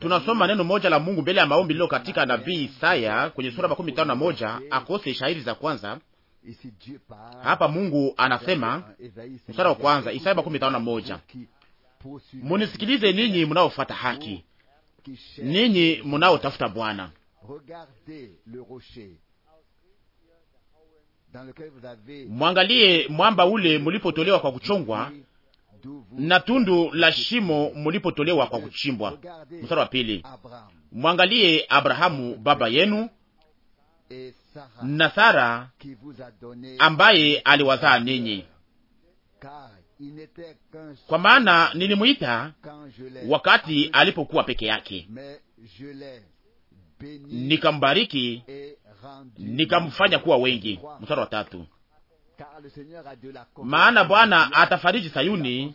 Tunasoma neno moja la Mungu mbele ya maombi lilo katika nabii Isaya kwenye sura makumi tano na moja akose shairi za kwanza. Hapa Mungu anasema mstari wa kwanza, Isaya makumi tano na moja munisikilize ninyi munaofata haki, ninyi munaotafuta Bwana, mwangalie mwamba ule mulipotolewa kwa kuchongwa na tundu la shimo mulipotolewa kwa kuchimbwa. Mstari wa pili, mwangalie Abrahamu baba yenu na Sara ambaye aliwazaa ninyi, kwa maana nilimwita wakati alipokuwa peke yake, nikambariki nikamfanya kuwa wengi. Mstari wa tatu maana Bwana atafariji Sayuni,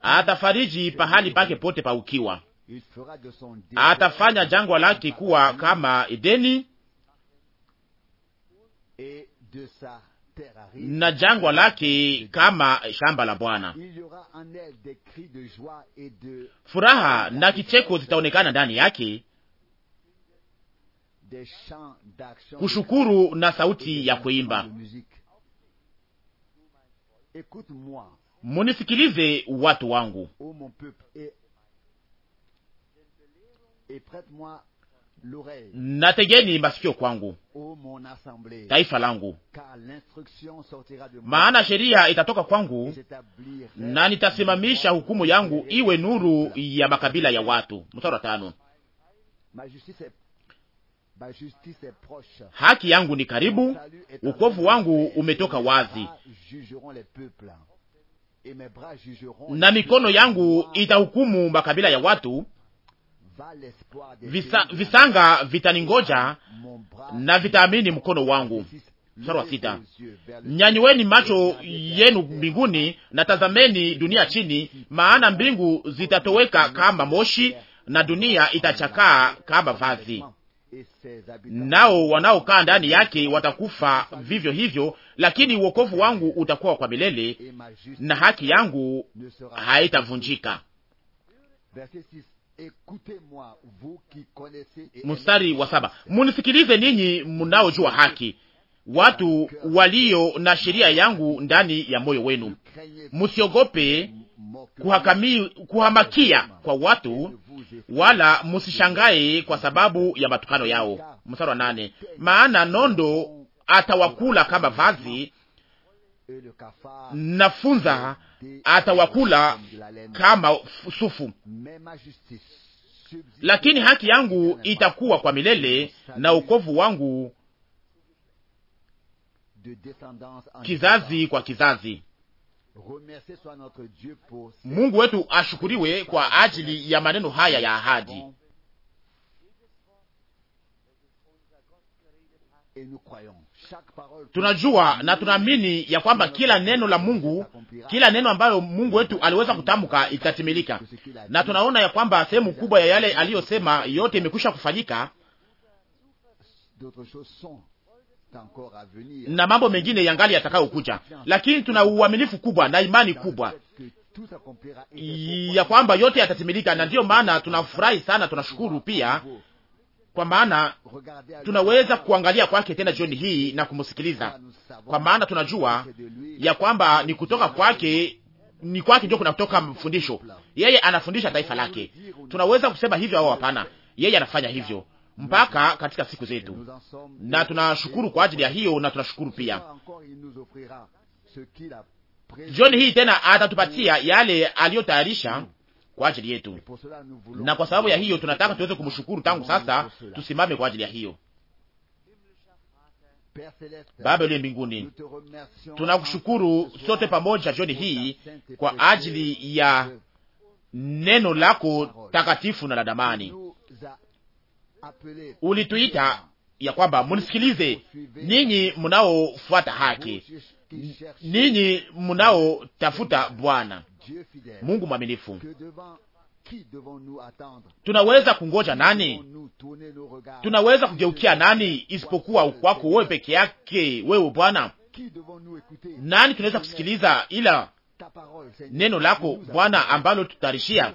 atafariji pahali pake pote pa ukiwa, atafanya jangwa lake kuwa kama Edeni na jangwa lake kama shamba la Bwana. Furaha na kicheko zitaonekana ndani yake, kushukuru na sauti ya kuimba munisikilize watu wangu, oh, nategeni masikio kwangu, oh, taifa langu, maana sheria itatoka kwangu na nitasimamisha hukumu yangu iwe nuru ya makabila ya watu. Mstari wa tano. Haki yangu ni karibu, ukovu wangu umetoka wazi, na mikono yangu itahukumu makabila ya watu. Visa, visanga vitaningoja na vitaamini mkono wangu. Mstari wa sita. macho yenu mbinguni na tazameni dunia chini, maana mbingu zitatoweka kama moshi na dunia itachakaa kama vazi nao wanaokaa ndani yake watakufa vivyo hivyo, lakini uokovu wangu utakuwa kwa milele na haki yangu haitavunjika. Mstari wa saba: munisikilize ninyi mnaojua haki, watu walio na sheria yangu ndani ya moyo wenu, musiogope kuhakamii, kuhamakia kwa watu, wala musishangae kwa sababu ya matukano yao. Mstari wa nane, maana nondo atawakula kama vazi na funza atawakula kama sufu, lakini haki yangu itakuwa kwa milele na ukovu wangu kizazi kwa kizazi. Mungu wetu ashukuriwe kwa ajili ya maneno haya ya ahadi tunajua na tunaamini ya kwamba kila neno la Mungu, kila neno ambayo Mungu wetu aliweza kutamka itatimilika, na tunaona ya kwamba sehemu kubwa ya yale aliyosema yote imekwisha kufanyika na mambo mengine yangali yatakayokuja, lakini tuna uaminifu kubwa na imani kubwa ya kwamba yote yatatimilika, na ndiyo maana tunafurahi sana, tunashukuru pia kwa maana tunaweza kuangalia kwake tena jioni hii na kumsikiliza, kwa maana tunajua ya kwamba ni kutoka kwake, ni kwake ndio kunatoka mfundisho. Yeye anafundisha taifa lake. Tunaweza kusema hivyo au hapana? Yeye anafanya hivyo, mpaka katika siku zetu, na tunashukuru kwa ajili ya hiyo, na tunashukuru pia jioni hii tena atatupatia yale aliyotayarisha kwa ajili yetu, na kwa sababu ya hiyo tunataka tuweze kumshukuru tangu sasa. Tusimame kwa ajili ya hiyo. Baba uliye mbinguni, tunakushukuru sote pamoja jioni hii kwa ajili ya neno lako takatifu na la damani ulituita ya kwamba munisikilize ninyi mnaofuata haki, ninyi mnaotafuta Bwana Mungu mwaminifu. Tunaweza kungoja nani? Tunaweza kugeukia nani isipokuwa ukwako wewe peke yake, wewe Bwana? Nani tunaweza kusikiliza ila neno lako Bwana ambalo tutarishia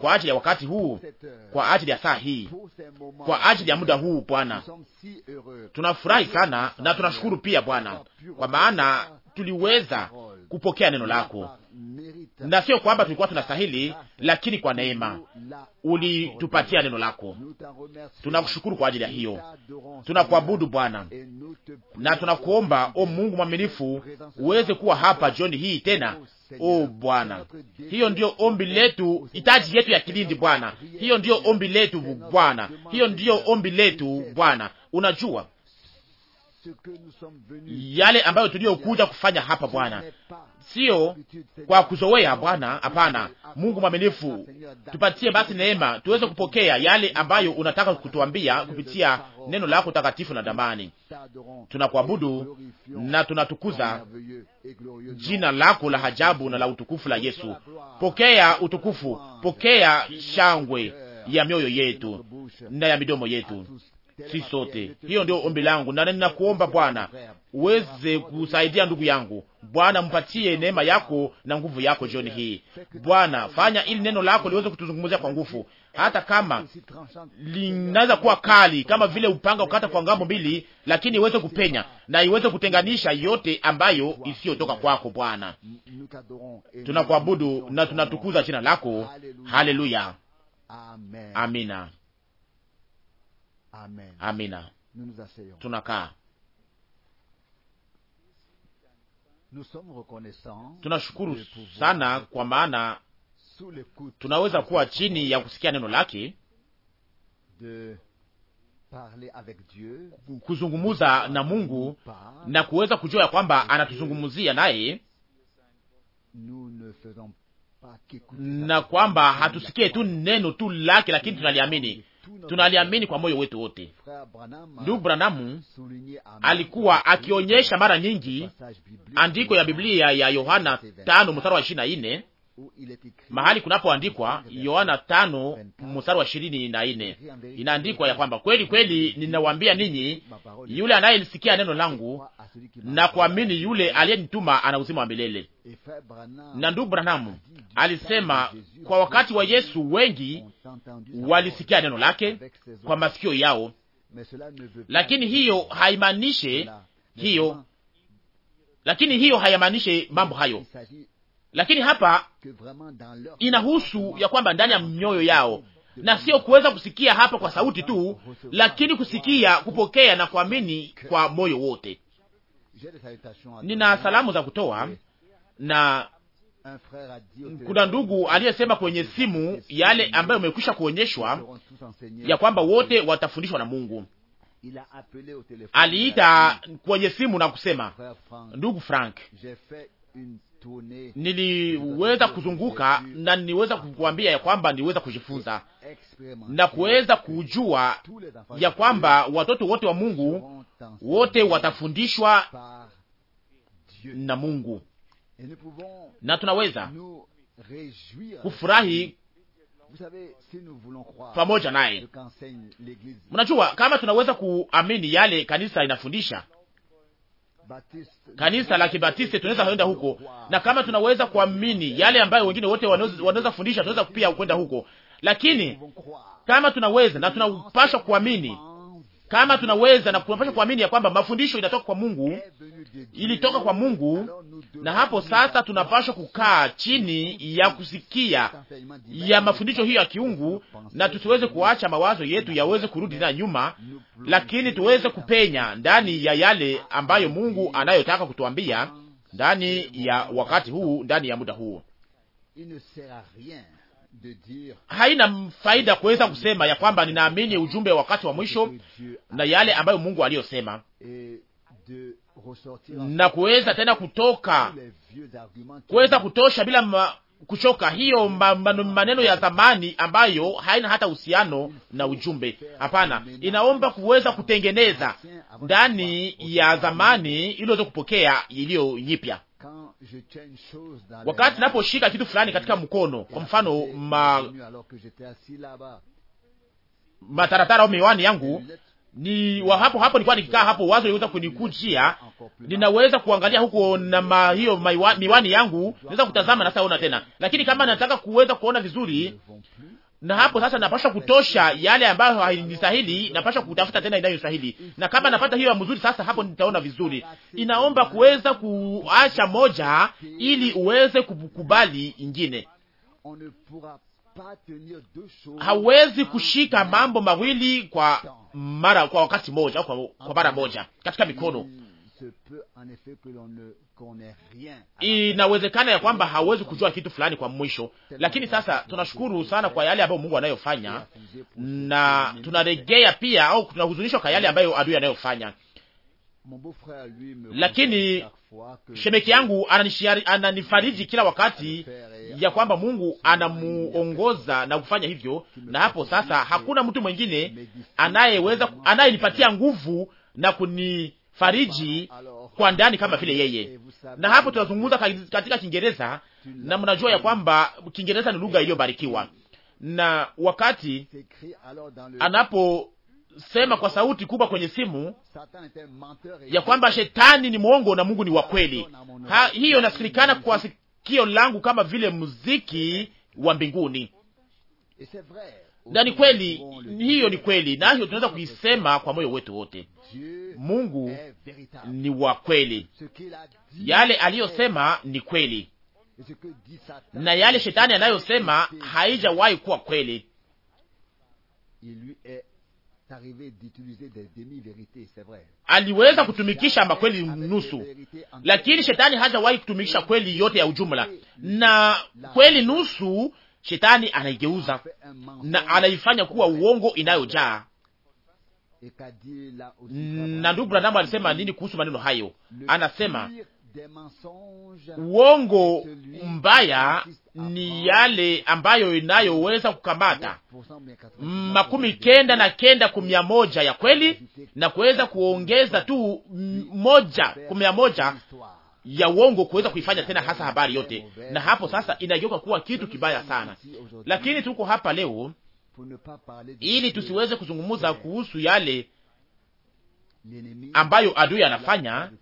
kwa ajili ya wakati huu, euh, kwa ajili ya saa hii, kwa ajili ya muda huu. Bwana, tunafurahi sana na tunashukuru pia Bwana, kwa maana tuliweza kupokea neno lako na sio kwamba tulikuwa tunastahili, lakini kwa neema ulitupatia neno lako. Tunakushukuru kwa ajili ya hiyo, tunakuabudu Bwana na tunakuomba o Mungu mwaminifu, uweze kuwa hapa jioni hii tena. O Bwana, hiyo ndiyo ombi letu, hitaji yetu ya kilindi Bwana, hiyo ndiyo ombi letu Bwana, hiyo ndiyo ombi letu Bwana. Unajua yale ambayo tuliyokuja kufanya hapa Bwana, sio kwa kuzoea Bwana. Hapana, Mungu mwaminifu, tupatie basi neema tuweze kupokea yale ambayo unataka kutuambia kupitia neno lako takatifu na damani. Tunakuabudu na tunatukuza jina lako la hajabu na la utukufu la Yesu. Pokea utukufu, pokea shangwe ya mioyo yetu na ya midomo yetu sisi sote. Hiyo ndio ombi langu, na ninakuomba Bwana uweze kusaidia ndugu yangu. Bwana mpatie neema yako na nguvu yako jioni hii. Bwana fanya ili neno lako liweze kutuzungumzia kwa nguvu, hata kama linaweza kuwa kali kama vile upanga ukata kwa ngambo mbili, lakini iweze kupenya na iweze kutenganisha yote ambayo isiyotoka kwako. Bwana, tunakuabudu na tunatukuza jina lako. Haleluya, amina. Amen. Amina. Tunakaa tunashukuru sana kwa maana tunaweza kuwa chini ya kusikia neno lake, kuzungumuza na Mungu na kuweza kujua ya kwamba anatuzungumuzia naye na kwamba hatusikie tu neno tu lake, lakini tunaliamini tunaliamini kwa moyo wetu wote. Ndugu Branamu alikuwa akionyesha mara nyingi andiko ya Biblia ya Yohana tano mstari wa ishirini na nne mahali kunapoandikwa Yohana tano mstari wa ishirini na nne inaandikwa ya kwamba kweli kweli ninawambia ninyi, yule anayelisikia neno langu na kuamini yule aliyenituma ana uzima wa milele. Na ndugu Branamu alisema kwa wakati wa Yesu wengi walisikia neno lake kwa masikio yao, lakini hiyo haimaanishe hiyo, lakini hiyo hayamaanishe mambo hayo lakini hapa inahusu ya kwamba ndani ya mioyo yao, na sio kuweza kusikia hapa kwa sauti tu, lakini kusikia, kupokea na kuamini kwa moyo wote. Nina salamu za kutoa na kuna ndugu aliyesema kwenye simu yale ambayo umekwisha kuonyeshwa ya kwamba wote watafundishwa na Mungu. Aliita kwenye simu na kusema, ndugu Frank, niliweza kuzunguka na niweza kukuambia ya kwamba niweza kujifunza na kuweza kujua ya kwamba watoto wote wa Mungu wote watafundishwa na Mungu, na tunaweza kufurahi pamoja naye. Mnajua, kama tunaweza kuamini yale kanisa inafundisha kanisa la Kibatisti, tunaweza kwenda huko, na kama tunaweza kuamini yale ambayo wengine wote wanaweza kufundisha, tunaweza pia kwenda huko, lakini kama tunaweza na tunapaswa kuamini kama tunaweza na tunapaswa kuamini ya kwamba mafundisho inatoka kwa Mungu, ilitoka kwa Mungu, na hapo sasa tunapaswa kukaa chini ya kusikia ya mafundisho hiyo ya kiungu, na tusiweze kuacha mawazo yetu yaweze kurudi na nyuma, lakini tuweze kupenya ndani ya yale ambayo Mungu anayotaka kutuambia ndani ya wakati huu, ndani ya muda huu haina faida kuweza kusema ya kwamba ninaamini ujumbe wa wakati wa mwisho na yale ambayo Mungu aliyosema na kuweza tena kutoka kuweza kutosha bila ma, kuchoka hiyo ma, ma, maneno ya zamani ambayo haina hata uhusiano na ujumbe. Hapana, inaomba kuweza kutengeneza ndani ya zamani ili uweze kupokea iliyo nyipya wakati naposhika kitu fulani katika mkono, kwa mfano ma mataratara au miwani yangu ni wa hapo hapo, nilikuwa nikikaa hapo, wazo iweza kunikujia, ninaweza kuangalia huko na ma, hiyo miwani yangu, naweza kutazama na saona tena. Lakini kama nataka kuweza kuona vizuri, na hapo sasa napasha kutosha yale ambayo hainistahili, napasha kutafuta tena inayostahili, na kama napata hiyo mzuri, sasa hapo nitaona vizuri. Inaomba kuweza kuacha moja ili uweze kukubali ingine. Hawezi kushika mambo mawili kwa mara kwa wakati moja, kwa, kwa mara moja katika mikono Inawezekana ya kwamba hawezi kujua kitu fulani kwa mwisho, lakini sasa tunashukuru sana kwa yale ambayo Mungu anayofanya, na tunaregea pia au tunahuzunishwa kwa yale ambayo adui anayofanya. Lakini shemeki yangu ananifariji kila wakati ya kwamba Mungu anamuongoza na kufanya hivyo, na hapo sasa hakuna mtu mwingine anayeweza anayenipatia nguvu na kuni fariji kwa ndani kama vile yeye. Na hapo tunazungumza katika Kiingereza, na mnajua ya kwamba Kiingereza ni lugha iliyobarikiwa, na wakati anaposema kwa sauti kubwa kwenye simu ya kwamba shetani ni mwongo na Mungu ni wa kweli, hiyo inasikilikana kwa sikio langu kama vile muziki wa mbinguni na ni kweli, hiyo ni kweli, hiyo tunaweza kuisema kwa moyo wetu wote. Mungu ni wa kweli, yale aliyosema ni kweli, na yale shetani anayosema haijawahi kuwa kweli. Aliweza kutumikisha makweli nusu, lakini shetani hajawahi kutumikisha kweli yote ya ujumla, na kweli nusu shetani anaigeuza na anaifanya kuwa uongo inayojaa. Na ndugu Branamu alisema nini kuhusu maneno hayo? Anasema uongo mbaya ni yale ambayo inayoweza kukamata makumi kenda na kenda kumia moja ya kweli na kuweza kuongeza tu moja kumia moja ya uongo kuweza kuifanya tena hasa habari yote, na hapo sasa inageuka kuwa kitu kibaya sana. Lakini tuko hapa leo ili tusiweze kuzungumza kuhusu yale ambayo adui anafanya,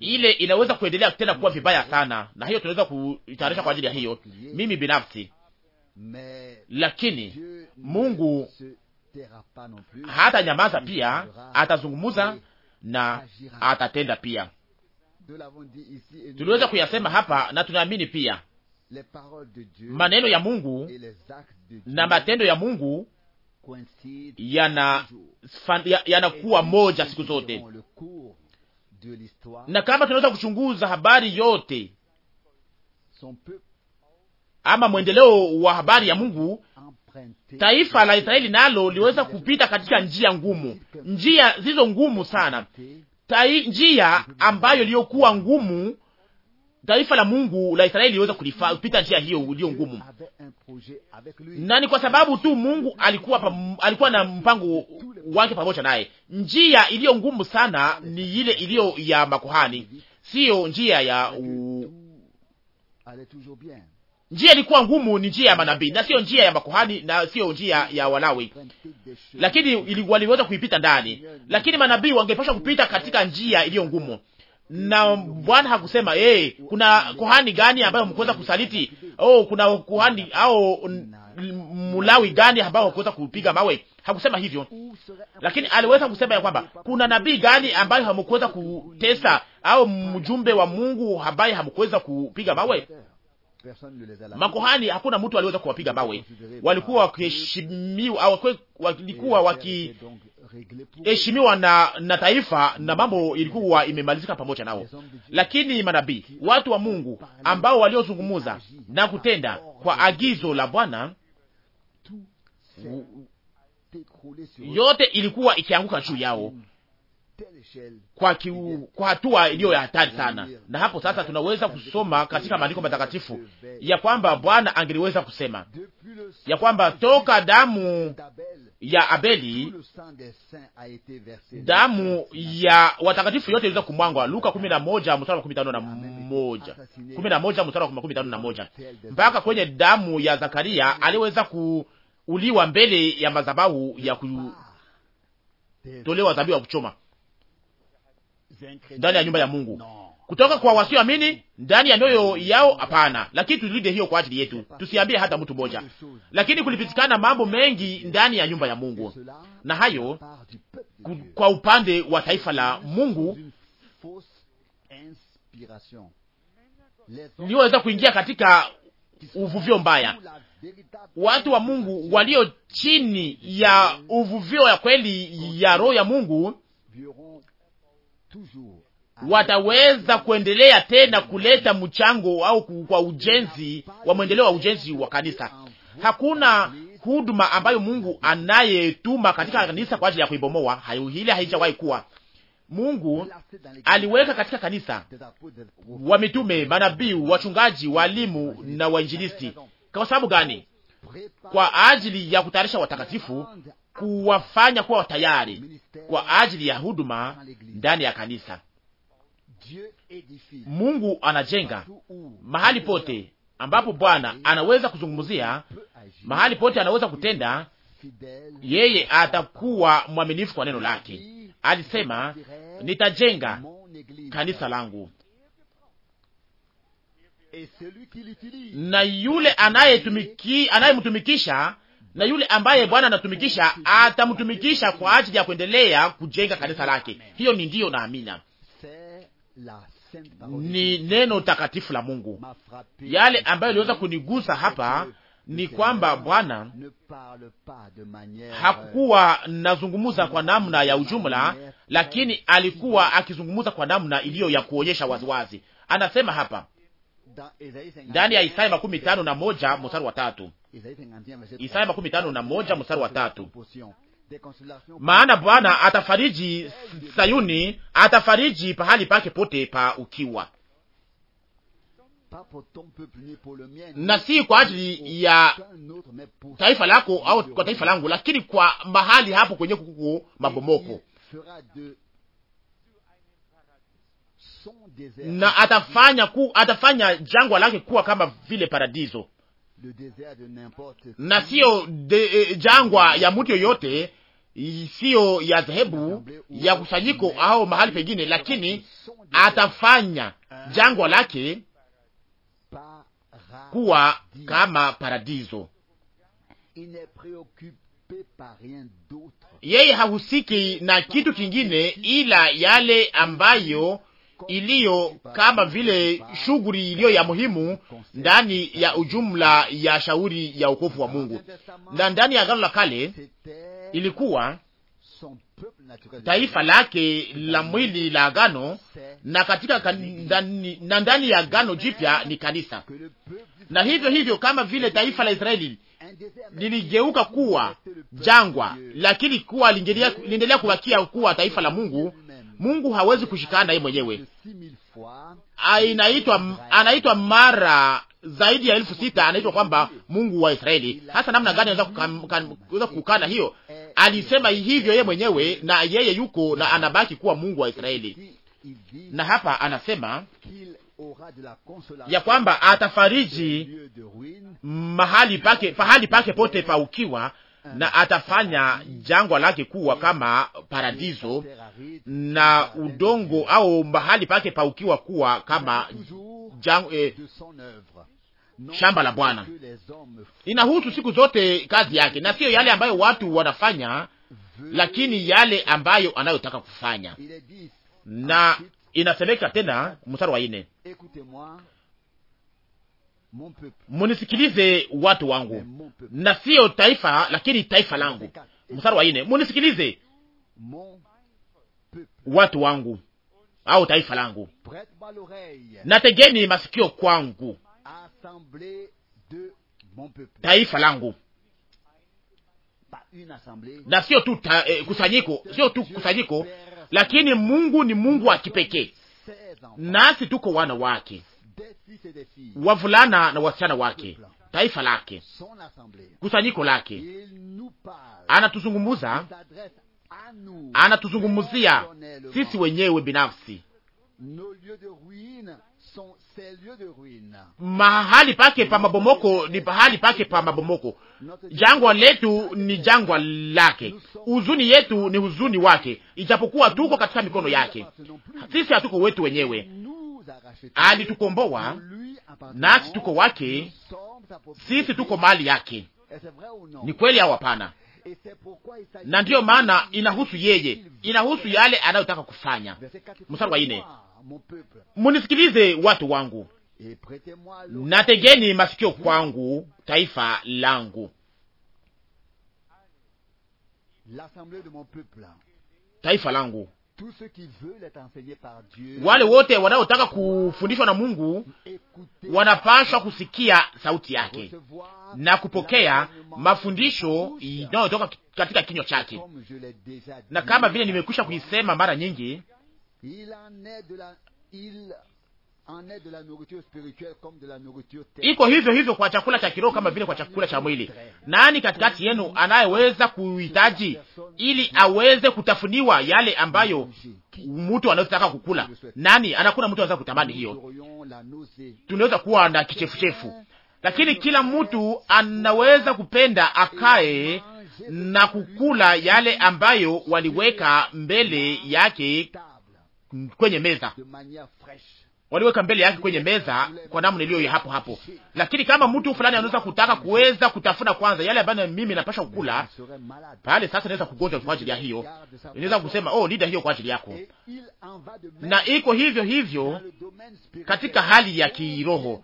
ile inaweza kuendelea tena kuwa vibaya sana, na hiyo tunaweza kuitayarisha kwa ajili ya hiyo, mimi binafsi. Lakini Mungu hata nyamaza pia, atazungumuza na atatenda pia. Tuliweza kuyasema hapa na tunaamini pia maneno ya Mungu na matendo ya Mungu yanakuwa ya, ya moja siku zote, na kama tunaweza kuchunguza habari yote ama mwendeleo wa habari ya Mungu Taifa la Israeli nalo liweza kupita katika njia ngumu, njia zizo ngumu sana, tai, njia ambayo iliyokuwa ngumu. Taifa la Mungu la Israeli liweza kupita njia hiyo iliyo ngumu, na ni kwa sababu tu Mungu alikuwa pa, alikuwa na mpango wake pamoja naye. Njia iliyo ngumu sana ni ile iliyo ya makuhani, siyo njia ya u Njia ilikuwa ngumu, ni njia ya manabii na sio njia ya makuhani na sio njia ya Walawi, lakini waliweza kuipita ndani. Lakini manabii wangepasha kupita katika njia iliyo ngumu, na Bwana hakusema hey, eh, kuna kuhani gani ambayo mkuweza kusaliti? Oh, kuna kuhani au mulawi gani ambao wakuweza kupiga mawe? Hakusema hivyo, lakini aliweza kusema ya kwamba kuna nabii gani ambayo hamkuweza kutesa, au mjumbe wa Mungu ambaye hamkuweza kupiga mawe? Makuhani hakuna mtu aliweza kuwapiga mawe, walikuwa wakiheshimiwa au walikuwa wakiheshimiwa na, na taifa na mambo ilikuwa imemalizika pamoja nao. Lakini manabii, watu wa Mungu ambao waliozungumuza na kutenda kwa agizo la Bwana, yote ilikuwa ikianguka juu yao kwa, kiu, kwa hatua iliyo ya hatari sana. Na hapo sasa tunaweza kusoma katika maandiko matakatifu ya kwamba Bwana angeliweza kusema ya kwamba toka damu ya Abeli damu ya watakatifu yote iliweza kumwangwa, Luka 11 mstari wa 15 na moja, 11 mstari wa 15 na moja, mpaka kwenye damu ya Zakaria aliweza kuuliwa mbele ya madhabahu ya kutolewa dhabihu ya kuchoma ndani ya nyumba ya Mungu, kutoka kwa wasioamini ndani ya mioyo yao? Hapana, lakini tulinde hiyo kwa ajili yetu, tusiambie hata mtu mmoja. Lakini kulipitikana mambo mengi ndani ya nyumba ya Mungu, na hayo kwa upande wa taifa la Mungu niweza kuingia katika uvuvio mbaya. Watu wa Mungu walio chini ya uvuvio ya kweli ya roho ya Mungu wataweza kuendelea tena kuleta mchango au kwa ujenzi wa mwendeleo wa ujenzi wa kanisa. Hakuna huduma ambayo Mungu anayetuma katika kanisa kwa ajili ya kuibomoa hayo, hili haijawahi kuwa. Mungu aliweka katika kanisa wa mitume manabii, wachungaji, walimu na wainjilisti. Kwa sababu gani? Kwa ajili ya kutayarisha watakatifu kuwafanya kuwa tayari kwa ajili ya huduma ndani ya kanisa. Mungu anajenga mahali pote ambapo Bwana anaweza kuzungumzia, mahali pote anaweza kutenda. Yeye atakuwa mwaminifu kwa neno lake. Alisema, nitajenga kanisa langu, na yule anayemtumikisha na yule ambaye Bwana anatumikisha atamtumikisha kwa ajili ya kuendelea kujenga kanisa lake. Hiyo ni ndiyo na amina, ni neno takatifu la Mungu. Yale ambayo iliweza kunigusa hapa ni kwamba Bwana hakuwa nazungumuza kwa namna ya ujumla, lakini alikuwa akizungumuza kwa namna iliyo ya kuonyesha waziwazi. Anasema hapa ndani ya Isaya makumi tano na moja mstari wa tatu. Isaya makumi tano na moja mstari wa tatu. Maana Bwana atafariji Sayuni, atafariji pahali pake pote pa ukiwa, na si kwa ajili ya taifa lako au kwa taifa langu, lakini kwa mahali hapo kwenye kukuku mabomoko na atafanya, ku, atafanya jangwa lake kuwa kama vile paradiso na siyo de, e, e, jangwa ya mtu yoyote siyo ya dhehebu ya kusanyiko au mahali pengine, lakini atafanya jangwa lake kuwa kama paradiso. Yeye hahusiki na kitu kingine ila yale ambayo iliyo kama vile shughuli iliyo ya muhimu ndani ya ujumla ya shauri ya ukovu wa Mungu, na ndani ya Agano la Kale ilikuwa taifa lake la mwili la agano, na katika na ndani ya agano jipya ni kanisa. Na hivyo hivyo, kama vile taifa la Israeli liligeuka kuwa jangwa, lakini kuwa liendelea kubakia kuwa taifa la Mungu, Mungu hawezi kushikana na yeye mwenyewe. Anaitwa, anaitwa mara zaidi ya elfu sita anaitwa kwamba Mungu wa Israeli. Hasa namna gani anaweza kukana hiyo? Alisema hivyo yeye mwenyewe, na yeye yuko na anabaki kuwa Mungu wa Israeli. Na hapa anasema ya kwamba atafariji mahali pake, pahali pake pote pa ukiwa Eh, na atafanya jangwa lake kuwa kama paradiso na udongo au mahali pake paukiwa kuwa kama jang, eh, shamba la Bwana. Inahusu siku zote kazi yake, na siyo yale ambayo watu wanafanya, lakini yale ambayo anayotaka kufanya. Na inasemeka tena mstari wa ine munisikilize watu wangu, na siyo taifa, lakini taifa langu. Mstari wa ine, munisikilize watu wangu au taifa langu, na tegeni masikio kwangu, taifa langu na sio tu ta, eh, kusanyiko, sio tu kusanyiko, lakini Mungu ni Mungu wa kipekee, nasi tuko wana wake wavulana na wasichana wake, taifa lake, kusanyiko lake. Anatuzungumuza, anatuzungumuzia sisi wenyewe binafsi. Mahali pake pa mabomoko ni pahali pake pa mabomoko. Jangwa letu ni jangwa lake, huzuni yetu ni huzuni wake, ijapokuwa tuko katika mikono yake. Sisi hatuko wetu wenyewe, alitukomboa, nasi tuko wake, sisi tuko mali yake. Ni kweli au hapana? Na ndiyo maana inahusu yeye, inahusu yale anayotaka kufanya. Mstari wa ine: munisikilize watu wangu, nategeni masikio kwangu, taifa langu, taifa langu wale wote wanaotaka kufundishwa na Mungu wanapashwa kusikia sauti yake na kupokea mafundisho inayotoka katika kinywa chake, na kama vile nimekwisha kuisema mara nyingi iko hivyo hivyo kwa chakula cha kiroho kama vile kwa chakula cha mwili. Nani katikati yenu anayeweza kuhitaji ili aweze kutafuniwa yale ambayo mtu anayotaka kukula? Nani anakuna mtu anaweza kutamani hiyo? Tunaweza kuwa na kichefuchefu, lakini kila mtu anaweza kupenda akae na kukula yale ambayo waliweka mbele yake kwenye meza waliweka mbele yake kwenye meza kwa namna iliyo hapo hapo. Lakini kama mtu fulani anaweza kutaka kuweza kutafuna kwanza yale ambayo mimi napasha kukula pale, sasa naweza kugonjwa kwa ajili ya hiyo, inaweza kusema oh, nida hiyo kwa ajili yako. Na iko hivyo hivyo katika hali ya kiroho,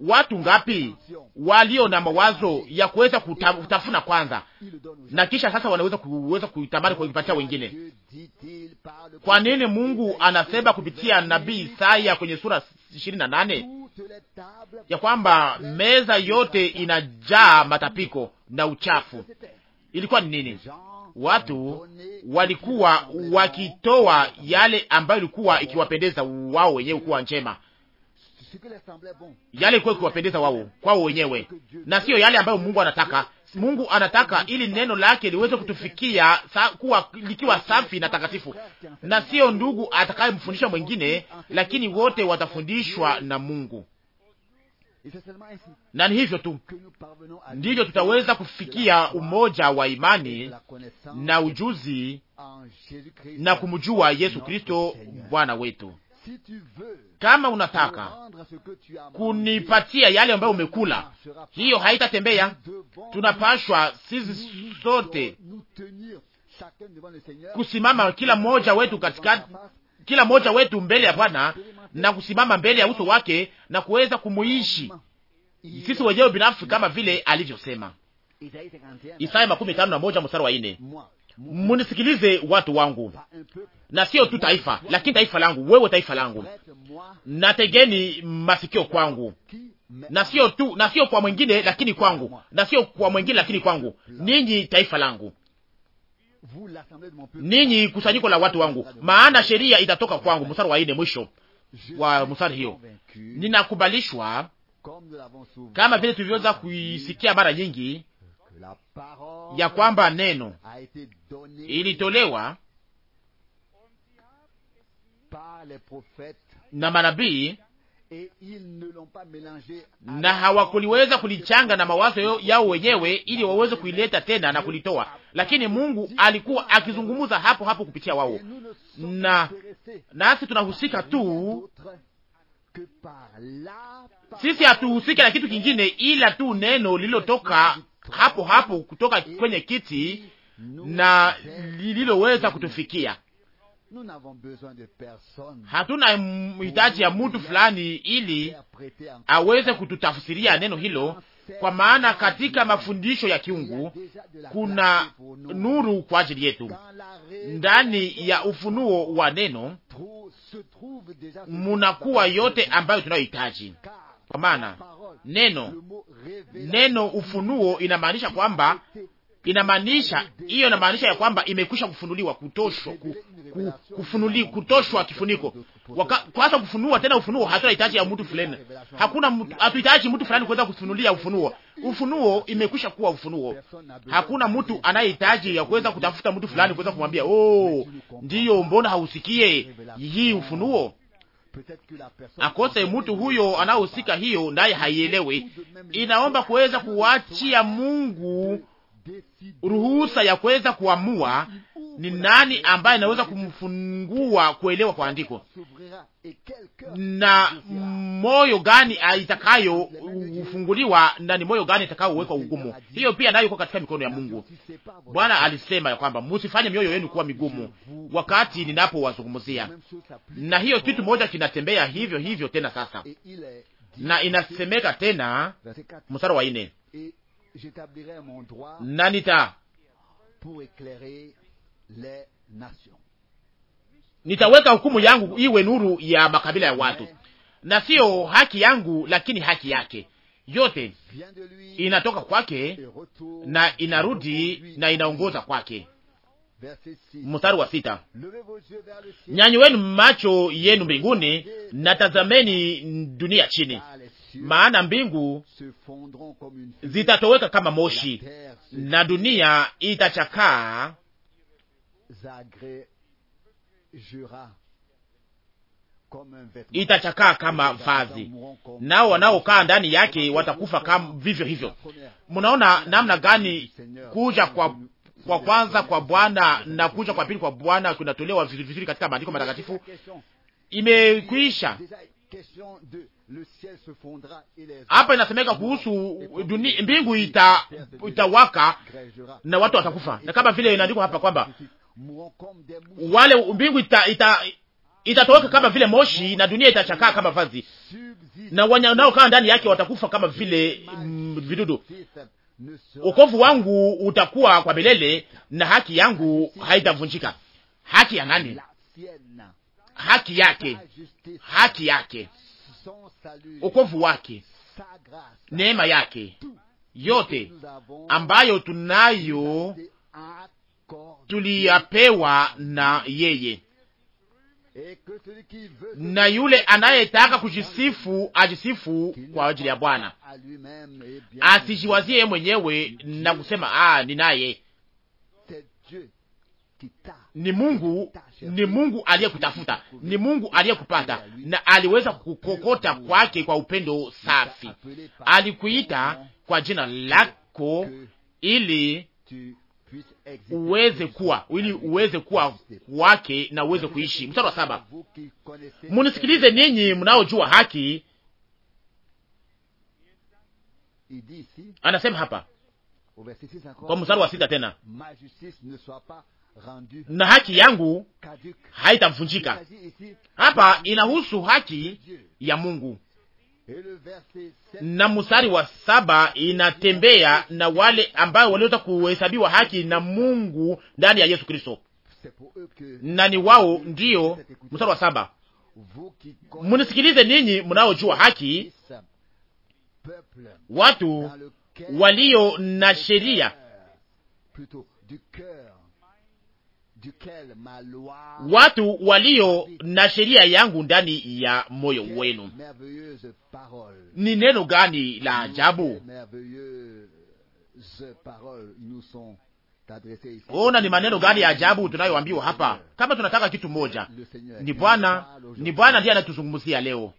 watu ngapi walio na mawazo ya kuweza kutafuna kwanza na kisha sasa wanaweza kuweza kuitamani kuipatia wengine. Kwa nini Mungu anasema kupitia nabii Isaya kwenye sura ishirini na nane ya kwamba meza yote inajaa matapiko na uchafu? Ilikuwa ni nini? Watu walikuwa wakitoa yale ambayo ilikuwa ikiwapendeza wao wenyewe kuwa njema, yale ilikuwa ikiwapendeza wao kwao wenyewe, na siyo yale ambayo Mungu anataka Mungu anataka ili neno lake liweze kutufikia sa, kuwa likiwa safi na takatifu, na sio ndugu atakayemfundisha mwengine, lakini wote watafundishwa na Mungu, na ni hivyo tu ndivyo tutaweza kufikia umoja wa imani na ujuzi na kumjua Yesu Kristo Bwana wetu. Kama unataka kunipatia yale ambayo umekula, hiyo haitatembea. Tunapashwa sisi sote kusimama, kila mmoja wetu katika kila mmoja wetu mbele ya Bwana na kusimama mbele ya uso wake na kuweza kumuishi sisi wenyewe binafsi kama vile alivyosema Isaya makumi tano na moja mstari wa nne: munisikilize watu wangu, na sio tu taifa, lakini taifa langu, wewe taifa langu, nategeni masikio kwangu, na sio tu na sio kwa mwingine, lakini kwangu, na sio kwa mwingine, lakini kwangu. Ninyi taifa langu, ninyi kusanyiko la watu wangu, maana sheria itatoka kwangu. Mstari wa ine mwisho wa mstari hiyo, ninakubalishwa kama vile tulivyoweza kuisikia mara nyingi ya kwamba neno ilitolewa na manabii na hawakuliweza kulichanga na mawazo yao wenyewe ili waweze kuileta tena na kulitoa, lakini Mungu alikuwa akizungumza hapo hapo kupitia wao, na nasi tunahusika tu. Sisi hatuhusiki na kitu kingine ila tu neno lililotoka hapo hapo kutoka kwenye kiti na lililoweza kutufikia Hatuna hitaji ya mtu fulani ili aweze kututafsiria neno hilo, kwa maana katika mafundisho ya kiungu kuna nuru kwa ajili yetu. Ndani ya ufunuo wa neno munakuwa yote ambayo tunayohitaji, kwa maana neno neno ufunuo inamaanisha kwamba inamaanisha hiyo, inamaanisha ya kwamba imekwisha kufunuliwa, kutoshwa, kufunuli, kutoshwa kifuniko kwanza, kufunua tena. Ufunuo hitaji ya mtu fulani, hakuna mtu, hatuhitaji mtu fulani kuweza kufunulia ufunuo. Ufunuo imekwisha kuwa ufunuo. Hakuna mtu anayehitaji ya kuweza kutafuta mtu fulani kuweza kumwambia oh, ndiyo, mbona hausikie hii ufunuo akose mtu huyo anaohusika hiyo, naye haielewi. Inaomba kuweza kuwachia Mungu ruhusa ya kuweza kuamua ni nani ambaye anaweza kumfungua kuelewa kwa andiko na moyo gani ufunguliwa na ni moyo gani uwekwa ugumu. Hiyo pia nayo iko katika mikono ya Mungu. Bwana alisema ya kwamba msifanye mioyo yenu kuwa migumu wakati ninapowazungumzia, na hiyo kitu moja kinatembea hivyo hivyo tena sasa, na inasemeka tena mstari wa nne na nita nitaweka hukumu yangu iwe nuru ya makabila ya watu, na siyo haki yangu, lakini haki yake. Yote inatoka kwake na inarudi na inaongoza kwake. Mstari wa sita: wenu macho yenu mbinguni na tazameni dunia chini, ah, maana mbingu zitatoweka kama moshi na dunia itachakaa itachakaa kama vazi, nao wanaokaa ndani yake watakufa kama vivyo hivyo. Mnaona namna gani kuja kwa kwa kwanza kwa Bwana na kuja kwa pili kwa Bwana kunatolewa vizuri vizuri katika maandiko matakatifu. Imekwisha hapa inasemeka kuhusu dunia, mbingu ita, itawaka na watu watakufa, na kama vile inaandikwa hapa kwamba wale mbingu ita, ita, itatoweka kama vile moshi na dunia itachakaa kama vazi, na wanaokaa ndani yake watakufa kama vile mm, vidudu. Ukovu wangu utakuwa kwa milele na haki yangu haitavunjika. Haki ya nani? Haki yake, haki yake okovu wake, neema yake yote ambayo tunayo tuliyapewa na yeye, na yule anayetaka kujisifu ajisifu kwa ajili ya Bwana, asijiwazie mwenyewe na kusema ah, ninaye ni Mungu, ni Mungu aliyekutafuta, ni Mungu aliyekupata, na aliweza kukokota kwake kwa upendo safi, alikuita kwa jina lako ili uweze kuwa ili uweze kuwa wake na uweze kuishi. Mstari wa saba, munisikilize ninyi mnaojua haki. Anasema hapa kwa mstari wa sita tena na haki yangu haitamvunjika. Hapa inahusu haki ya Mungu na mstari wa saba inatembea na wale ambao waliweza kuhesabiwa haki na Mungu ndani ya Yesu Kristo, na ni wao ndiyo. Mstari wa saba munisikilize ninyi mnaojua haki, watu walio na sheria watu walio na sheria yangu ndani ya moyo wenu. Ni neno gani la ajabu! Ona, ni maneno gani ya ajabu tunayoambiwa hapa. Kama tunataka kitu moja, ni Bwana, ni Bwana ndiye anatuzungumzia leo,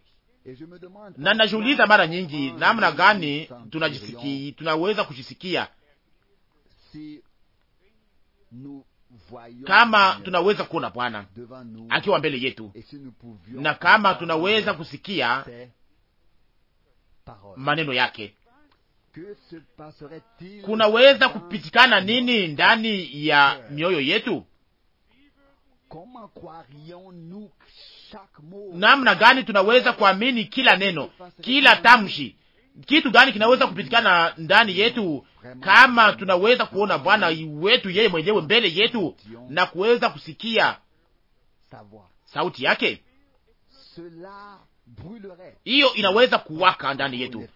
na najiuliza mara nyingi namna gani tunajisikia, tunaweza kujisikia kama tunaweza kuona Bwana akiwa mbele yetu na kama tunaweza kusikia maneno yake, kunaweza kupitikana nini ndani ya mioyo yetu? Namna gani tunaweza kuamini kila neno, kila tamshi? Kitu gani kinaweza kupitikana ndani yetu kama tunaweza kuona Bwana wetu yeye mwenyewe mbele yetu na kuweza kusikia sauti yake, hiyo inaweza kuwaka ndani yetu.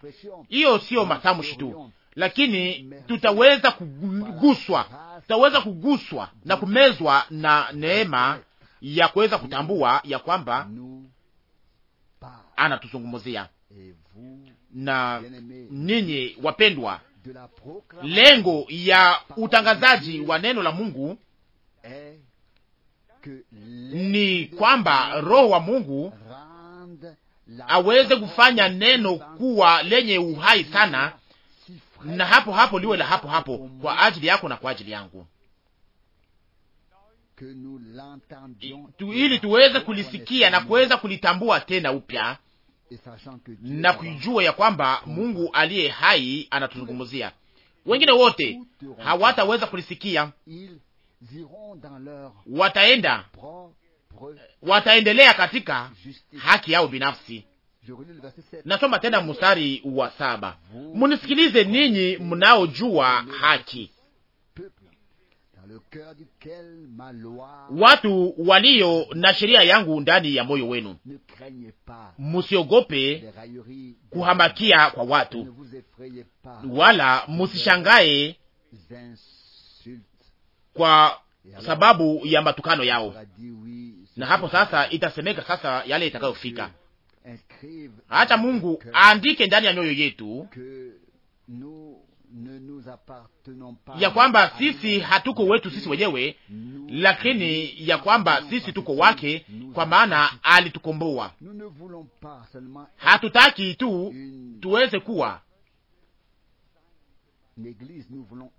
Hiyo siyo matamshi tu, lakini tutaweza kuguswa, tutaweza kuguswa na kumezwa na neema ya kuweza kutambua ya kwamba anatuzungumzia. Na ninyi wapendwa, lengo ya utangazaji wa neno la Mungu ni kwamba Roho wa Mungu aweze kufanya neno kuwa lenye uhai sana, na hapo hapo liwe la hapo hapo kwa ajili yako na kwa ajili yangu, ili tuweze kulisikia na kuweza kulitambua tena upya na kuijua ya kwamba Mungu aliye hai anatuzungumzia. Wengine wote hawataweza kulisikia, wataenda wataendelea katika haki yao binafsi. Nasoma tena mstari wa saba: munisikilize ninyi mnaojua haki, watu walio na sheria yangu ndani ya moyo wenu, musiogope kuhamakia kwa watu, wala musishangae kwa sababu ya matukano yao. Na hapo sasa itasemeka sasa yale itakayofika. Acha Mungu aandike ndani ya mioyo yetu ya kwamba sisi hatuko wetu sisi wenyewe, lakini ya kwamba sisi tuko wake, kwa maana alitukomboa. Hatutaki tu tuweze kuwa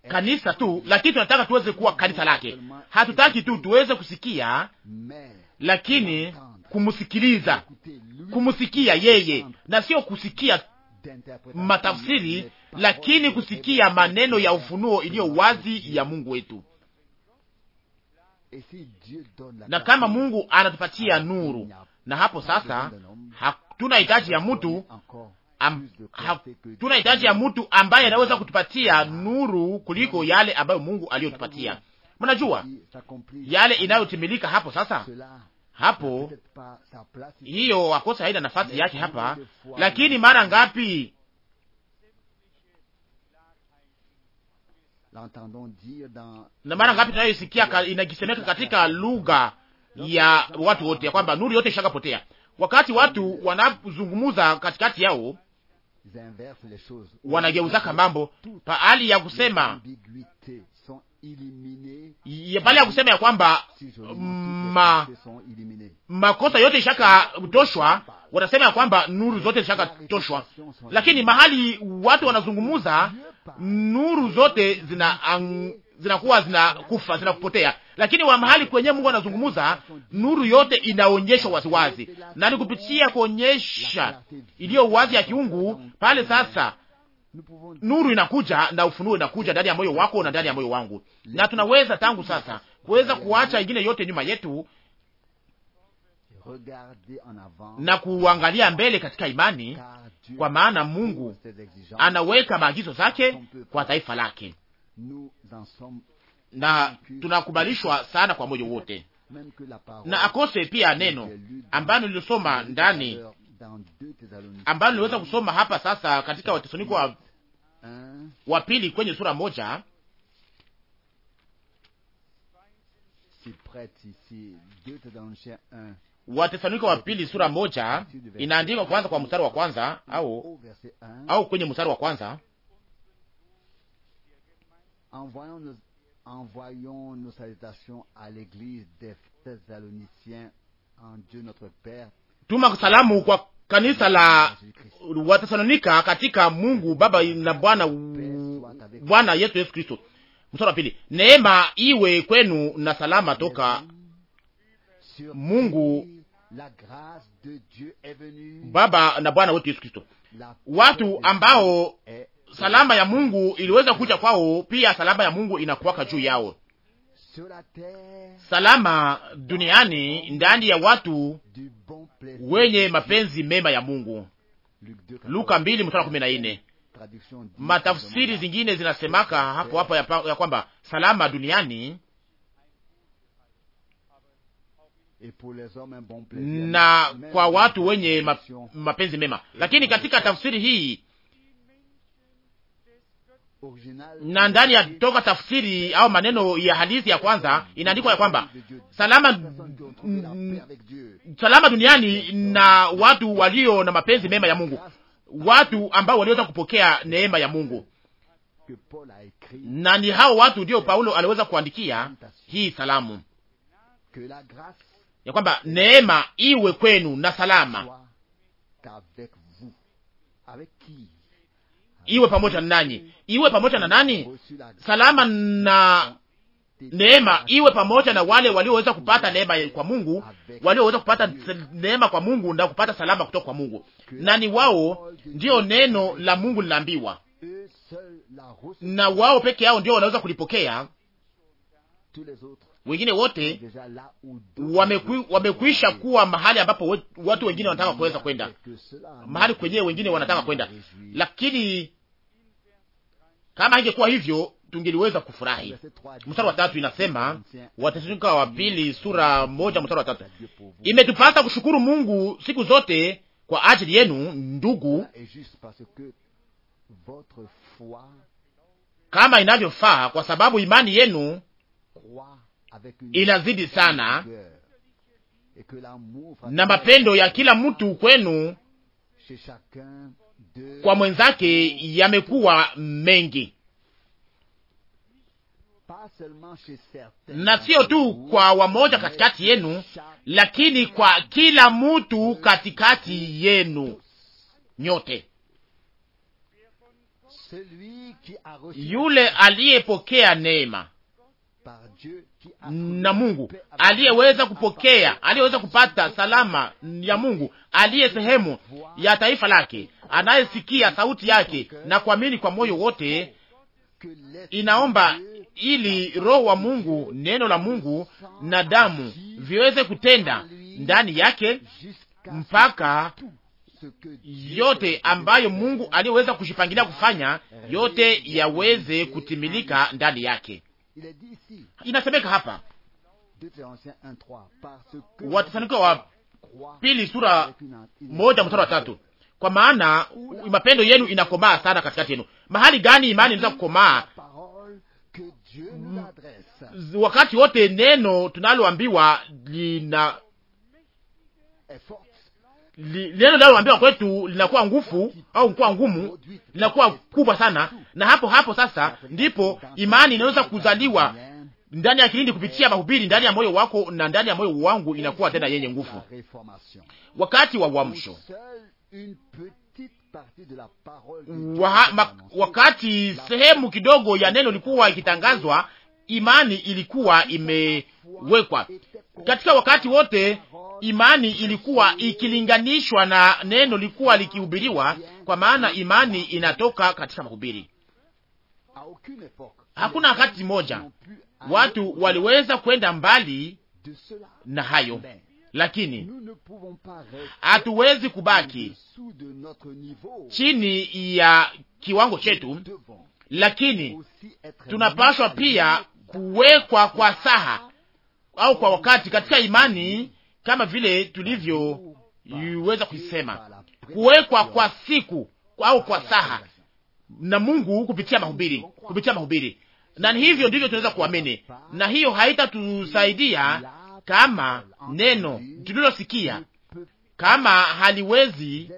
kanisa tu, lakini tunataka tuweze kuwa kanisa lake. Hatutaki tu tuweze kusikia, lakini kumsikiliza, kumsikia yeye na sio kusikia matafsiri, lakini kusikia maneno ya ufunuo iliyo wazi ya Mungu wetu. Na kama Mungu anatupatia nuru, na hapo sasa hatuna hitaji ya mtu tuna hitaji ya mtu ambaye anaweza kutupatia nuru kuliko yale ambayo Mungu aliyotupatia. Mnajua yale inayotimilika hapo sasa, hapo, hiyo wakosa haina nafasi yake hapa. Lakini mara ngapi na mara ngapi tunayoisikia inajisemeka katika lugha ya watu wote ya kwamba nuru yote ishakapotea, wakati watu wanazungumuza katikati yao wanageuzaka mambo pahali ya kusema ya pale ya kusema ya kwamba ma, makosa yote ishaka toshwa, watasema ya kwamba nuru zote ishaka toshwa. Lakini mahali watu wanazungumuza, nuru zote zina ang, zinakuwa zinakufa zinakupotea, lakini wa mahali kwenye Mungu anazungumuza, nuru yote inaonyeshwa waziwazi, na ni kupitia kuonyesha iliyo wazi ya kiungu pale sasa nuru inakuja na ufunuo inakuja ndani ya moyo wako na ndani ya moyo wangu, na tunaweza tangu sasa kuweza kuacha ingine yote nyuma yetu na kuangalia mbele katika imani, kwa maana Mungu anaweka maagizo zake kwa taifa lake, na tunakubalishwa sana kwa moyo wote, na akose pia neno ambalo lilosoma ndani ambalo niliweza kusoma hapa sasa katika Watesaloniko wa, uh, wa pili kwenye sura moja Watesaloniko wa pili sura moja inaandikwa kwanza kwa mstari wa kwanza au, au kwenye mstari wa kwanza envoyons nos salutations à l'église des Thessaloniciens en Dieu notre Père tuma salamu kwa kanisa la Watesalonika katika Mungu Baba na Bwana Bwana Yesu Yesu Kristo. Mstari wa pili, neema iwe kwenu na salama toka Mungu Baba na Bwana wetu Yesu Kristo. Watu ambao salama ya Mungu iliweza kuja kwao, pia salama ya Mungu inakuwaka juu yao salama duniani ndani ya watu wenye mapenzi mema ya Mungu. Luka 2:14. Matafsiri zingine zinasemaka hapo hapo ya kwamba salama duniani na kwa watu wenye mapenzi mema, lakini katika tafsiri hii na ndani ya toka tafsiri au maneno ya hadithi ya kwanza inaandikwa ya kwamba salama, salama duniani na watu walio na mapenzi mema ya Mungu, watu ambao waliweza kupokea neema ya Mungu. Na ni hao watu ndio Paulo aliweza kuandikia hii salamu ya kwamba neema iwe kwenu na salama iwe pamoja na nanyi, iwe pamoja na nani? Salama na neema iwe pamoja na wale walioweza kupata neema kwa Mungu, walioweza kupata neema kwa Mungu na kupata salama kutoka kwa Mungu. Nani wao? Ndiyo neno la Mungu linaambiwa, na wao peke yao ndio wanaweza kulipokea. Wengine wote wamekwisha wame kuwa mahali ambapo watu wengine wanataka kuweza kwenda, mahali kwenyewe wengine wanataka kwenda, lakini kama ingekuwa hivyo tungeliweza kufurahi. Mstari wa tatu inasema, Wathesalonike wa pili sura moja mstari wa tatu imetupasa kushukuru Mungu siku zote kwa ajili yenu ndugu, kama inavyofaa, kwa sababu imani yenu inazidi sana na mapendo ya kila mtu kwenu kwa mwenzake yamekuwa mengi, na sio tu kwa wamoja katikati yenu, lakini kwa kila mtu katikati yenu nyote. Yule aliyepokea neema na Mungu aliyeweza kupokea, aliyeweza kupata salama ya Mungu, aliye sehemu ya taifa lake, anayesikia sauti yake na kuamini kwa moyo wote, inaomba ili Roho wa Mungu, neno la Mungu na damu viweze kutenda ndani yake mpaka yote ambayo Mungu aliyoweza kushipangilia kufanya yote yaweze kutimilika ndani yake. Inasemeka hapa Wathesalonike wa pili sura moja mstari wa tatu kwa maana mapendo yenu inakomaa sana katikati yenu. Mahali gani imani inaweza kukomaa? Mm. Wakati wote neno tunaloambiwa lina neno linaloambiwa kwetu linakuwa nguvu au kuwa ngumu, linakuwa kubwa sana, na hapo hapo sasa ndipo imani inaweza kuzaliwa ndani ya kilindi kupitia mahubiri ndani ya moyo wako na ndani ya moyo wangu, inakuwa tena yenye nguvu. Wakati wa uamsho wa, wakati sehemu kidogo ya neno ilikuwa ikitangazwa, imani ilikuwa imewekwa katika wakati wote. Imani ilikuwa ikilinganishwa na neno lilikuwa likihubiriwa, kwa maana imani inatoka katika mahubiri. Hakuna wakati mmoja watu waliweza kwenda mbali na hayo lakini hatuwezi kubaki chini ya kiwango chetu, lakini tunapaswa pia kuwekwa kwa saha au kwa wakati katika imani, kama vile tulivyoweza kuisema, kuwekwa kwa siku au kwa saha na Mungu kupitia mahubiri, kupitia mahubiri. Na hivyo ndivyo tunaweza kuamini, na hiyo haitatusaidia kama neno tulilosikia kama haliwezi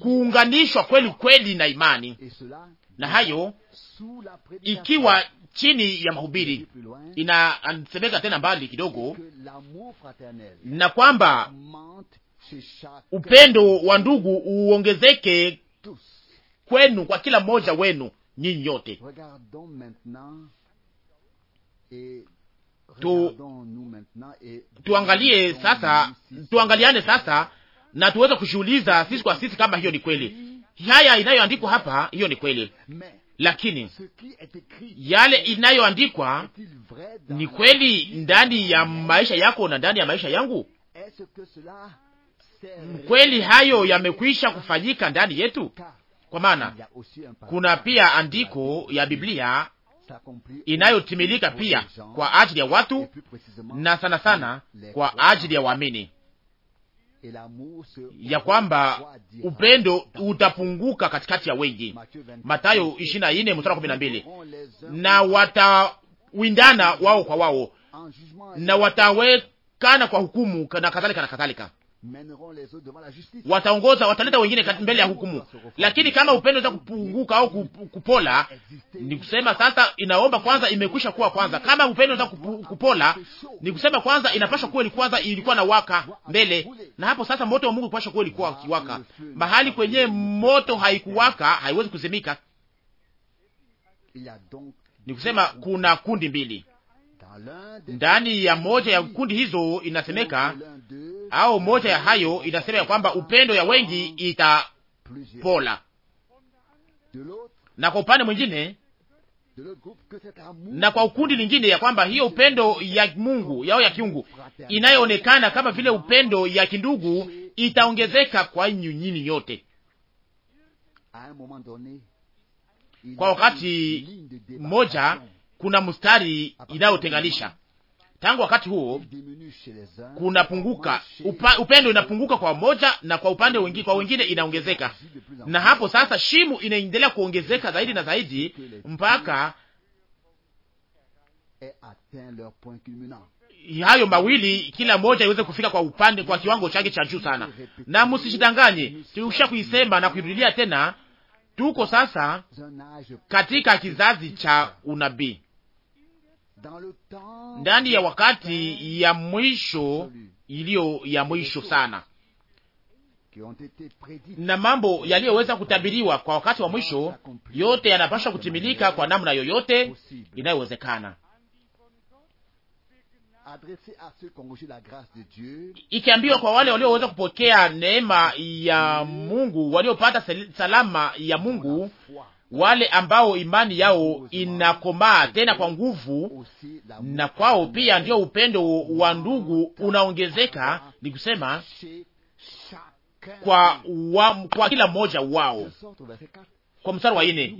kuunganishwa kweli kweli na imani, na hayo ikiwa chini ya mahubiri inasemeka tena mbali kidogo, na kwamba upendo wa ndugu uongezeke kwenu kwa kila mmoja wenu nyinyi yote tu, tuangalie sasa, tuangaliane sasa na tuweze kujiuliza sisi kwa sisi kama hiyo ni kweli. Haya inayoandikwa hapa, hiyo ni kweli, lakini yale inayoandikwa ni kweli ndani ya maisha yako na ndani ya maisha yangu? Kweli hayo yamekwisha kufanyika ndani yetu? Kwa maana kuna pia andiko ya Biblia inayotimilika pia kwa ajili ya watu na sana sana kwa ajili ya waamini, ya kwamba upendo utapunguka katikati ya wengi. Matayo 24:12 na mbili. Na watawindana wao kwa wao na watawekana kwa hukumu na kadhalika na kadhalika wataongoza, wataleta wengine mbele ya hukumu. Lakini kama upendo za kupunguka au kupola, ni kusema sasa inaomba kwanza imekwisha kuwa kwanza. Kama upendo za kupola, ni kusema kwanza inapasha kuwa kwanza ilikuwa na waka mbele, na hapo sasa moto wa Mungu pasha kuwa ilikuwa kiwaka mahali kwenye moto haikuwaka, haiwezi kuzimika. Ni kusema kuna kundi mbili ndani ya moja ya kundi hizo, inasemeka au moja ya hayo inasema ya kwamba upendo ya wengi itapola, na kwa upande mwingine na kwa ukundi lingine ya kwamba hiyo upendo ya Mungu yao ya kiungu inayoonekana kama vile upendo ya kindugu itaongezeka kwa nyinyi nyote. Kwa wakati mmoja, kuna mstari inayotenganisha Tangu wakati huo kunapunguka upa, upendo inapunguka kwa moja, na kwa upande wengi, kwa wengine inaongezeka, na hapo sasa shimu inaendelea kuongezeka zaidi na zaidi mpaka hayo mawili kila moja iweze kufika kwa upande kwa kiwango chake cha juu sana. Na msishidanganye, tuisha kuisema na kuirudia tena, tuko sasa katika kizazi cha unabii ndani ya wakati ya mwisho iliyo ya mwisho sana, na mambo yaliyoweza kutabiriwa kwa wakati wa mwisho yote yanapaswa kutimilika kwa namna yoyote inayowezekana, ikiambiwa kwa wale walioweza kupokea neema ya Mungu, waliopata salama ya Mungu wale ambao imani yao inakomaa tena kwa nguvu, na kwao pia ndio upendo wa ndugu unaongezeka, ni kusema kwa, wa, kwa kila mmoja wao. Kwa mstari wa ine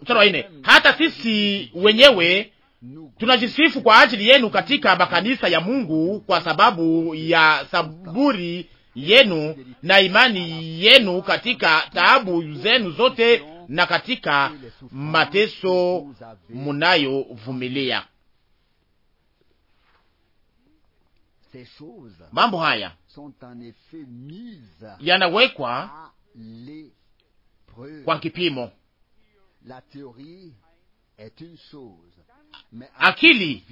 mstari wa ine hata sisi wenyewe tunajisifu kwa ajili yenu katika makanisa ya Mungu kwa sababu ya saburi yenu na imani yenu katika taabu zenu zote na katika mateso munayovumilia. Mambo haya yanawekwa kwa kipimo. Akili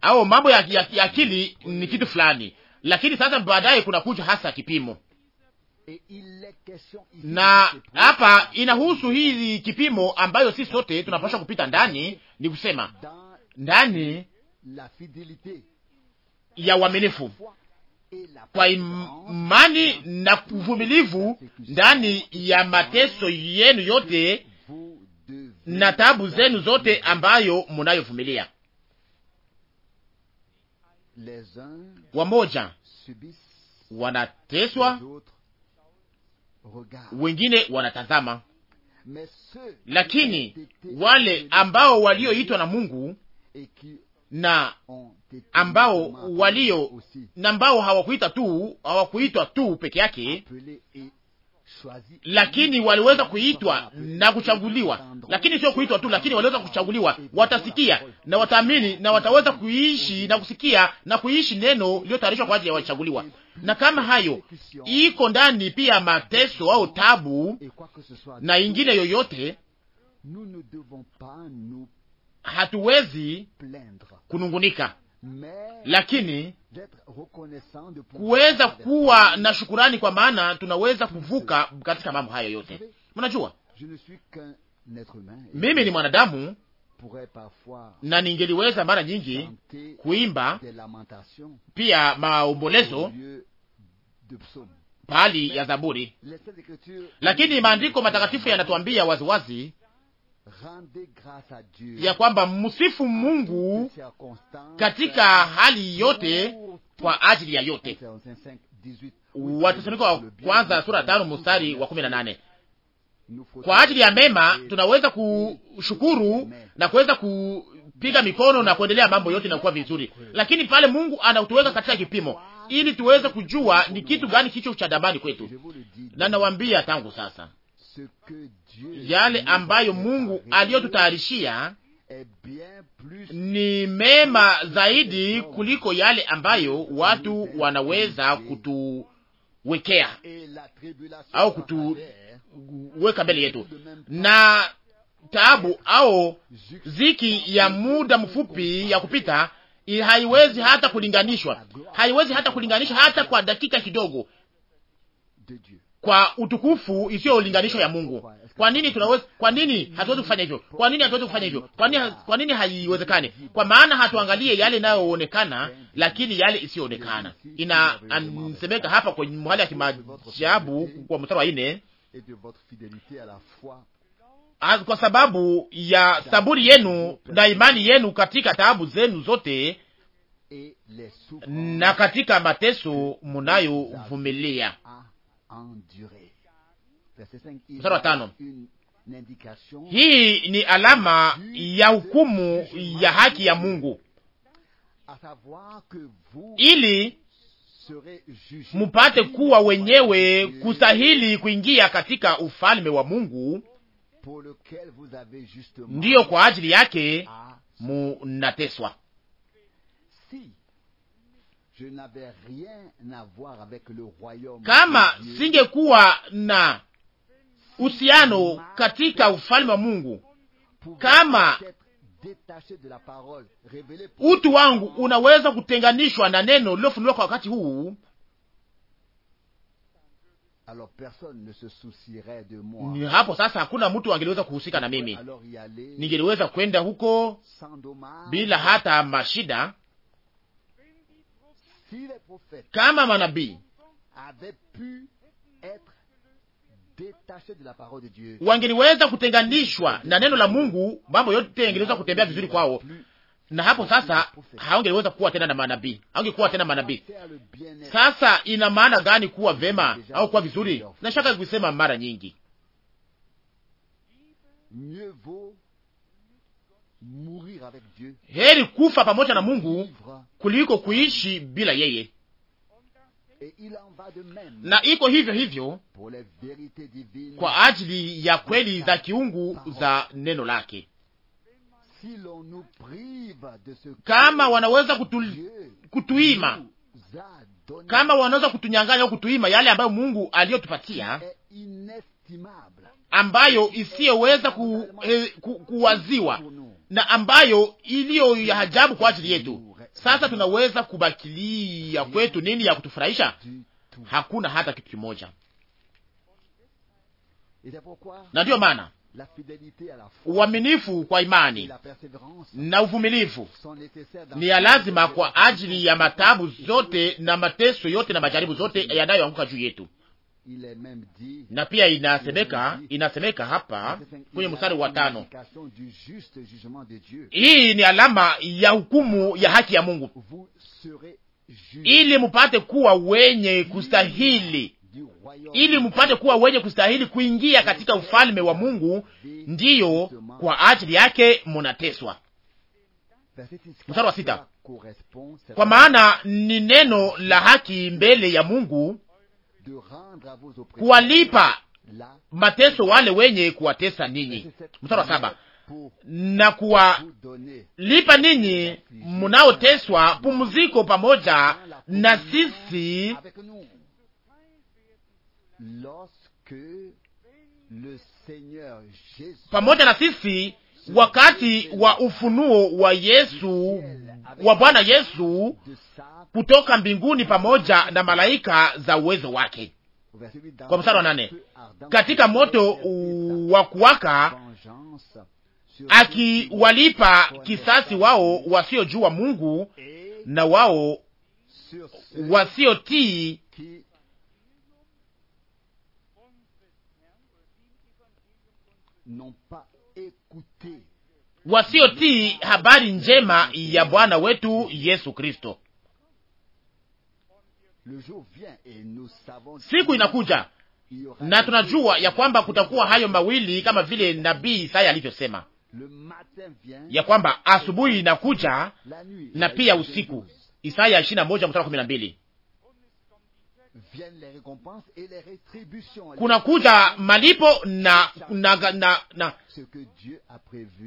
au mambo ya, ya, ya akili ni kitu fulani lakini sasa baadaye kuna kuja hasa kipimo, na hapa inahusu hili kipimo ambayo si sote tunapaswa kupita ndani, ni kusema ndani ya uaminifu kwa imani na uvumilivu ndani ya mateso yenu yote na tabu zenu zote ambayo munayovumilia wamoja wanateswa, wengine wanatazama, lakini wale ambao walioitwa na Mungu na ambao walio na ambao hawakuita tu hawakuitwa tu peke yake, lakini waliweza kuitwa na kuchaguliwa, lakini sio kuitwa tu, lakini waliweza kuchaguliwa. Watasikia na wataamini na wataweza kuishi na kusikia na kuishi neno lililotayarishwa kwa ajili ya wachaguliwa. Na kama hayo iko ndani pia mateso au tabu na ingine yoyote, hatuwezi kunungunika, lakini kuweza kuwa na shukurani, kwa maana tunaweza kuvuka katika mambo hayo yote. Mnajua mimi ni mwanadamu na ningeliweza mara nyingi kuimba pia maombolezo pahali ya Zaburi, lakini maandiko matakatifu yanatuambia waziwazi ya kwamba msifu Mungu katika hali yote kwa ajili ya yote. Wathesalonike wa kwanza sura tano mstari wa kumi na nane. Kwa ajili ya mema tunaweza kushukuru na kuweza kupiga mikono na kuendelea, mambo yote inakuwa vizuri, lakini pale Mungu anatuweka katika kipimo ili tuweze kujua ni kitu gani kicho cha damani kwetu, na nawaambia tangu sasa yale ambayo Mungu aliyotutayarishia ni mema zaidi kuliko yale ambayo watu wanaweza kutuwekea au kutuweka mbele yetu, na taabu au ziki ya muda mfupi ya kupita haiwezi hata kulinganishwa, haiwezi hata kulinganishwa hata kwa dakika kidogo kwa utukufu isiyo ya Mungu. Kwa nini tunaweza, kwa nini hatuwezi kufanya hivyo? Kwa nini hatuwezi kufanya hivyo? Kwa nini, kwa nini haiwezekani? Kwa maana hatuangalie yale inayoonekana, lakini yale isiyoonekana. Inasemeka hapa kwenye mahali ya kimajabu kwa mstari wa nne kwa sababu ya saburi yenu na imani yenu katika taabu zenu zote na katika mateso munayovumilia. Hii ni alama ya hukumu ya haki ya Mungu ili mupate kuwa wenyewe kustahili kuingia katika ufalme wa Mungu, ndiyo kwa ajili yake munateswa. Kama singekuwa na uhusiano katika ufalme wa Mungu, kama utu wangu unaweza kutenganishwa na neno lilofunuliwa kwa wakati huu, ni hapo sasa hakuna mtu angeliweza kuhusika na mimi. Ningeliweza kwenda huko bila hata mashida, kama manabii wangeliweza kutenganishwa na neno la Mungu, mambo yote yangeliweza kutembea vizuri kwao, na hapo sasa haongeliweza kuwa tena na manabii, haongekuwa tena manabii. Sasa ina maana gani kuwa vema au kuwa vizuri? Nashaka kusema mara nyingi Heri kufa pamoja na Mungu kuliko kuishi bila yeye, na iko hivyo hivyo kwa ajili ya kweli za kiungu za neno lake. Kama wanaweza kutu, kutuima kama wanaweza kutunyang'anya au kutuima yale ambayo Mungu aliyotupatia ambayo isiyoweza ku, eh, ku, kuwaziwa na ambayo iliyo ya ajabu kwa ajili yetu. Sasa tunaweza kubakilia kwetu nini ya kutufurahisha? Hakuna hata kitu kimoja, na ndiyo maana uaminifu kwa imani na uvumilivu ni ya lazima kwa ajili ya matabu zote na mateso yote na majaribu zote yanayoanguka juu yetu na pia inasemeka inasemeka hapa kwenye mstari wa tano, hii ni alama ya hukumu ya haki ya Mungu ili mupate kuwa wenye kustahili ili mupate kuwa wenye kustahili kuingia katika ufalme wa Mungu, ndiyo kwa ajili yake munateswa. Mstari wa sita, kwa maana ni neno la haki mbele ya Mungu kuwalipa mateso wale wenye kuwatesa ninyi. Mstari wa saba na kuwalipa ninyi mnaoteswa pumziko pamoja na sisi pamoja na sisi wakati wa ufunuo wa Yesu wa Bwana Yesu kutoka mbinguni pamoja na malaika za uwezo wake. Kwa mstari wa nane, katika moto wa kuwaka akiwalipa kisasi wao wasiojua Mungu na wao wasiotii wasiotii habari njema ya Bwana wetu Yesu Kristo. Siku inakuja na tunajua ya kwamba kutakuwa hayo mawili, kama vile nabii Isaya alivyosema ya kwamba asubuhi inakuja na pia usiku, Isaya 21:12 kuja malipo na, na, na, na.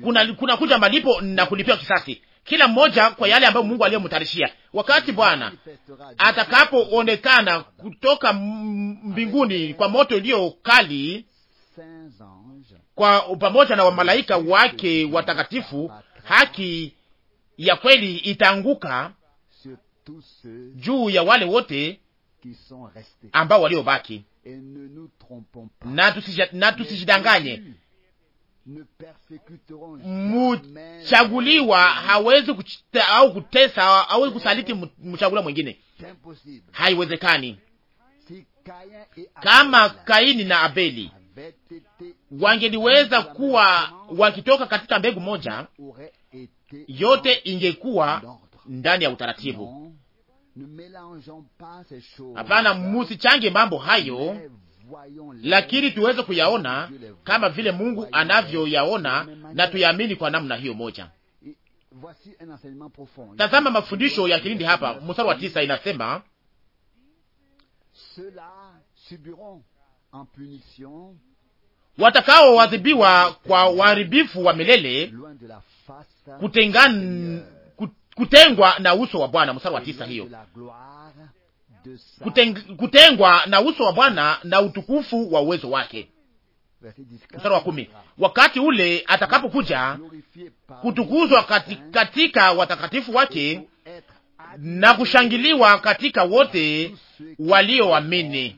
Kuna, kunakuja malipo na kulipia kisasi kila mmoja kwa yale ambayo Mungu aliyomtarishia. Wakati Bwana atakapoonekana kutoka mbinguni kwa moto iliyo kali, kwa pamoja na wamalaika wake watakatifu, haki ya kweli itaanguka juu ya wale wote ambao waliobaki, na tusijidanganye mchaguliwa hawezi kuchita, au kutesa hawezi kusaliti mchaguliwa mwingine, haiwezekani. Kama Kaini na Abeli wangeliweza kuwa wakitoka katika mbegu moja, yote ingekuwa ndani ya utaratibu, Hapana, musichange mambo hayo, lakini tuweze kuyaona kama vile Mungu anavyoyaona na tuyaamini kwa namna hiyo moja. Tazama mafundisho ya kilindi hapa, mstari wa tisa inasema watakao kwa uharibifu wa milele kutengwa na uso wa Bwana. Mstari wa tisa, hiyo kutengwa na uso wa Bwana na utukufu wa uwezo wake. Mstari wa kumi, wakati ule atakapokuja kutukuzwa katika watakatifu wake na kushangiliwa katika wote walioamini.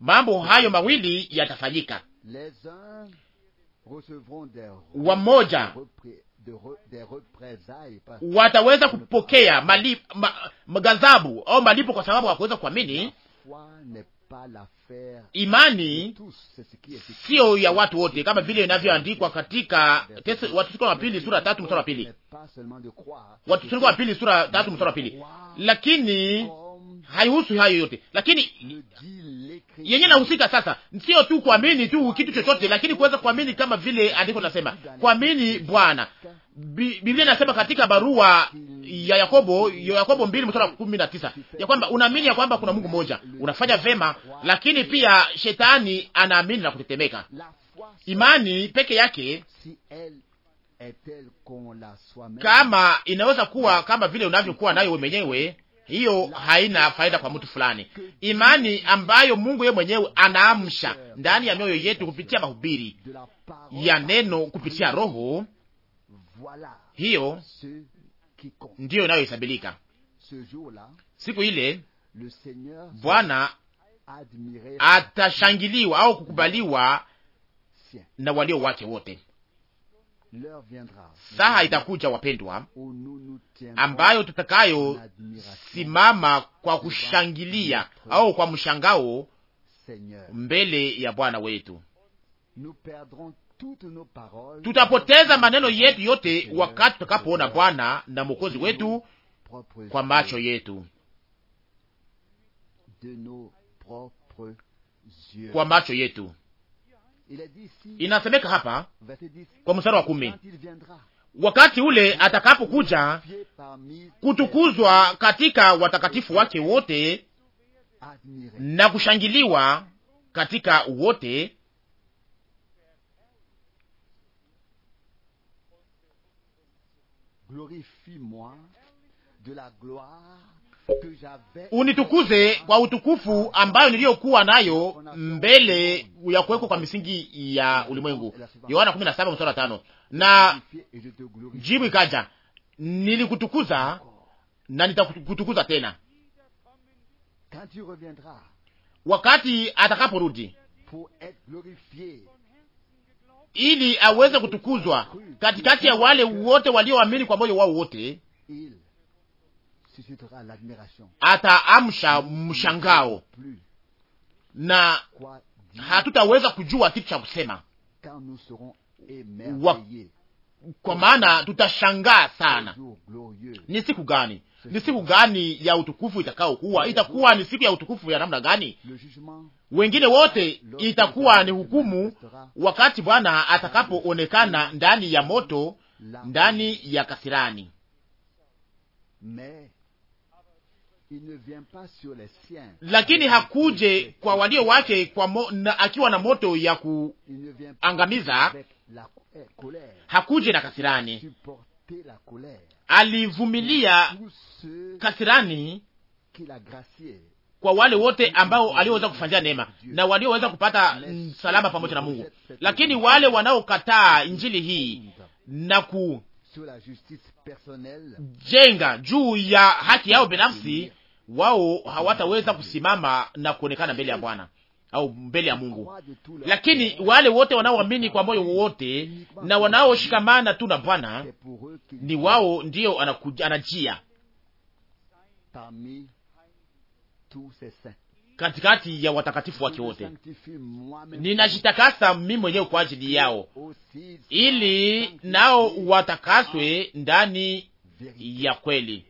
Mambo hayo mawili yatafanyika, wamoja wataweza kupokea mali, ma, au malipo kwa sababu hawakuweza kuamini. Imani siyo ya watu wote, kama vile inavyoandikwa katika Wathesalonike wa pili sura tatu mstari wa pili, Wathesalonike wa pili sura tatu mstari wa pili, lakini haihusu hayo yote, lakini yenye nahusika sasa sio tu kuamini tu kitu chochote, lakini kuweza kuamini kama vile andiko nasema, kuamini Bwana. Biblia inasema katika barua ya Yakobo, Yakobo mbili mstari kumi na tisa ya kwamba unaamini ya kwamba kuna Mungu mmoja, unafanya vema, lakini pia shetani anaamini na kutetemeka. Imani peke yake kama inaweza kuwa kama vile unavyokuwa nayo we mwenyewe hiyo haina faida kwa mtu fulani. Imani ambayo Mungu yeye mwenyewe anaamsha ndani ya mioyo yetu kupitia mahubiri ya neno, kupitia Roho, hiyo ndiyo inayohesabilika. Siku ile Bwana atashangiliwa au kukubaliwa na walio wake wote. Saha itakuja wapendwa, ambayo tutakayo simama kwa kushangilia au kwa mshangao mbele ya Bwana wetu. Tutapoteza maneno yetu yote wakati tutakapoona Bwana na Mwokozi wetu kwa macho yetu, kwa macho yetu Inasemeka hapa kwa mstari wa kumi, wakati ule atakapokuja kutukuzwa katika watakatifu wake wote na kushangiliwa katika wote, glorifie moi de la gloire unitukuze kwa utukufu ambayo niliyokuwa nayo mbele ya kuwekwa kwa misingi ya ulimwengu. Yohana 17:5. Na jibu ikaja, nilikutukuza na nitakutukuza tena wakati atakaporudi ili aweze kutukuzwa katikati ya wale wote walioamini kwa moyo wao wote ataamsha mshangao na hatutaweza kujua kitu cha kusema wa, kwa maana tutashangaa sana. Ni siku gani? Ni siku gani ya utukufu itakaokuwa? Itakuwa ni siku ya utukufu ya namna gani? Wengine wote itakuwa ni hukumu, wakati Bwana atakapoonekana ndani ya moto, ndani ya kasirani lakini hakuje kwa walio wake kwa mo, na, akiwa na moto ya kuangamiza. Eh, hakuje na kasirani, alivumilia kasirani kwa wale wote ambao alioweza kufanyia neema na walioweza kupata salama pamoja na Mungu. Lakini wale wanaokataa injili hii na kujenga juu ya haki yao binafsi wao hawataweza kusimama na kuonekana mbele ya Bwana au mbele ya Mungu. Lakini wale wote wanaoamini kwa moyo wote na wanaoshikamana tu na Bwana, ni wao ndio anajia katikati ya watakatifu wake wote. Ninajitakasa mimi mwenyewe kwa ajili yao, ili nao watakaswe ndani ya kweli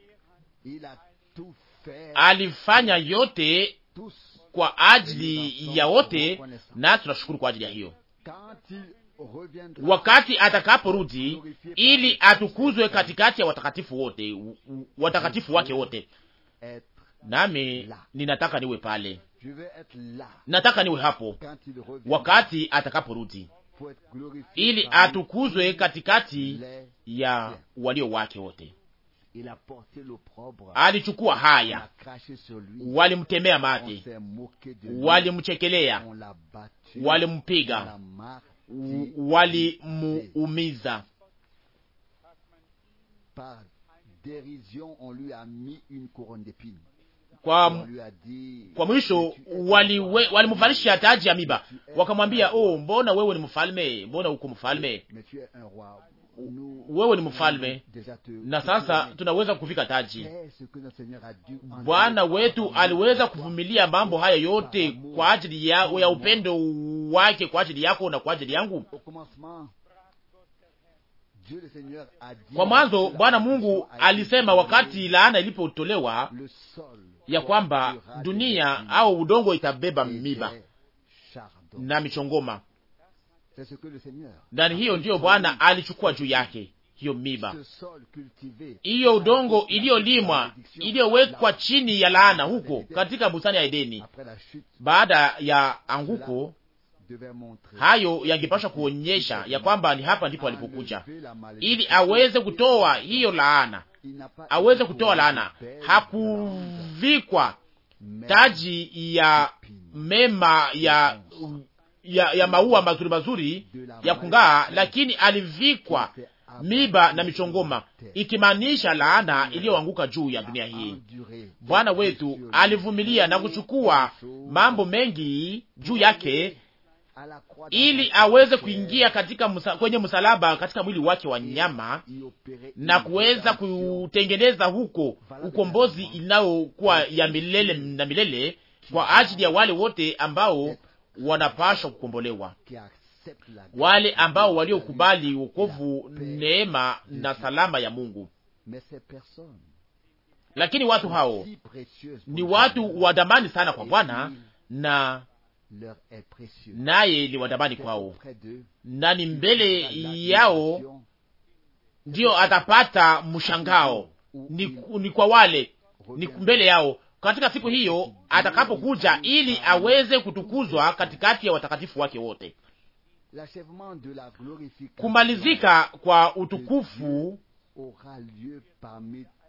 alifanya yote kwa ajili ya wote, na tunashukuru kwa ajili ya hiyo. Wakati atakaporudi ili atukuzwe katikati ya watakatifu wote, watakatifu wake wote, nami ninataka niwe pale, nataka niwe hapo wakati atakaporudi ili atukuzwe katikati ya walio wake wote alichukua haya, walimtemea mate, walimchekelea, walimpiga, walimuumiza kwa, kwa mwisho walimuvalisha wali taji ya miba, wakamwambia oh, mbona wewe ni mfalme? Mbona uko mfalme? wewe ni mfalme, na sasa tunaweza kuvika taji. Bwana wetu aliweza kuvumilia mambo haya yote kwa ajili ya, ya upendo wake kwa ajili yako na kwa ajili yangu. Kwa mwanzo Bwana Mungu alisema wakati laana ilipotolewa ya kwamba dunia au udongo itabeba miba na michongoma na hiyo ndiyo Bwana alichukua juu yake hiyo miba, hiyo udongo iliyolimwa, iliyowekwa chini ya laana huko katika bustani ya Edeni. Baada ya anguko hayo yangepashwa kuonyesha ya kwamba ni hapa ndipo alipokuja ili aweze kutoa hiyo laana, aweze kutoa laana. Hakuvikwa taji ya mema ya ya, ya maua mazuri mazuri ya kung'aa, lakini alivikwa miba na michongoma, ikimaanisha laana iliyoanguka juu ya dunia hii. Bwana wetu alivumilia na kuchukua mambo mengi juu yake ili aweze kuingia katika musa, kwenye msalaba katika mwili wake wa nyama na kuweza kutengeneza huko ukombozi inayokuwa ya milele na milele kwa ajili ya wale wote ambao wanapashwa kukombolewa, wale ambao waliokubali wokovu, neema na salama ya Mungu. Lakini watu hao ni watu wa damani sana kwa Bwana na naye ni wadamani kwao, na ni mbele yao ndiyo atapata mshangao. Ni, ni kwa wale ni mbele yao katika siku hiyo atakapokuja ili aweze kutukuzwa katikati ya watakatifu wake wote. Kumalizika kwa utukufu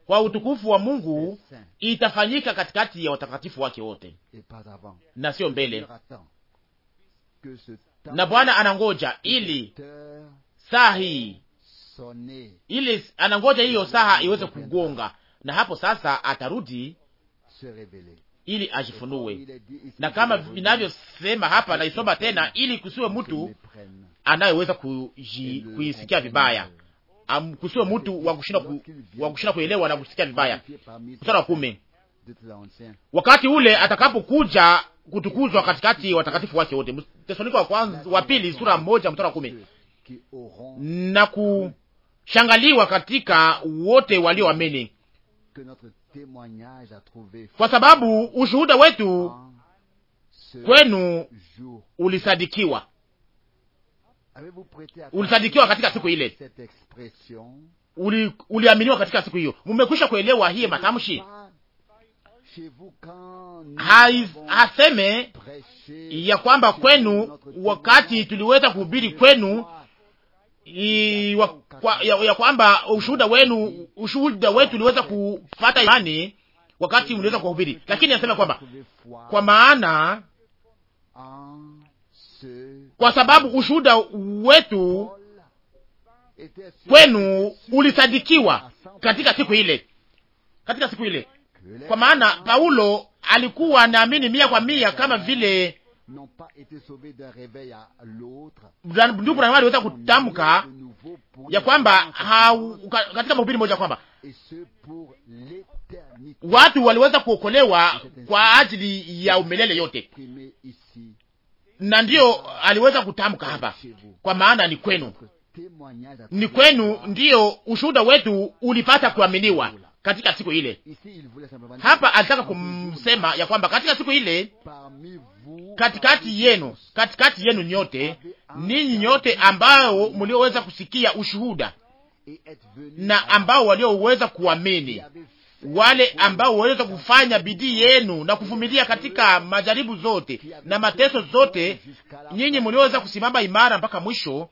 kwa utukufu wa Mungu itafanyika katikati ya watakatifu wake wote na sio mbele, na Bwana anangoja ili saa hii ili anangoja hiyo saha iweze kugonga, na hapo sasa atarudi ili ajifunue, na kama vinavyosema hapa, naisoma tena, ili kusiwe mtu anayeweza kuisikia vibaya, kusiwe mtu wa kushinda kuelewa na kusikia vibaya. Mstari wa kumi, wakati ule atakapokuja kutukuzwa katikati ya watakatifu wake wote. Tesalonika wa kwanza wa pili sura moja mstari wa kumi na kushangaliwa katika wote walioamini kwa sababu ushuhuda wetu kwenu ulisadikiwa, ulisadikiwa katika siku ile, uliaminiwa katika siku hiyo. Mumekwisha kuelewa hiye matamshi haseme ya kwamba kwenu, wakati tuliweza kuhubiri kwenu kwa, ya, ya kwamba ushuhuda wenu ushuhuda wetu uliweza kupata imani wakati mliweza kuhubiri, lakini anasema kwamba kwa maana kwa sababu ushuhuda wetu kwenu ulisadikiwa katika siku ile, katika siku ile. Kwa maana Paulo alikuwa anaamini mia kwa mia kama vile ndugu Branham aliweza kutamka ya kwamba katika mahubiri moja kwamba watu waliweza kuokolewa kwa ajili ya umelele yote, na ndiyo aliweza kutamka hapa, kwa maana ni kwenu, ni kwenu ndiyo ushuhuda wetu ulipata kuaminiwa katika siku ile. Hapa alitaka kumsema ya kwamba katika siku ile, katikati yenu, katikati yenu nyote, ninyi nyote ambao mlioweza kusikia ushuhuda na ambao walioweza kuamini, wale ambao waliweza kufanya bidii yenu na kuvumilia katika majaribu zote na mateso zote, nyinyi mlioweza kusimama imara mpaka mwisho,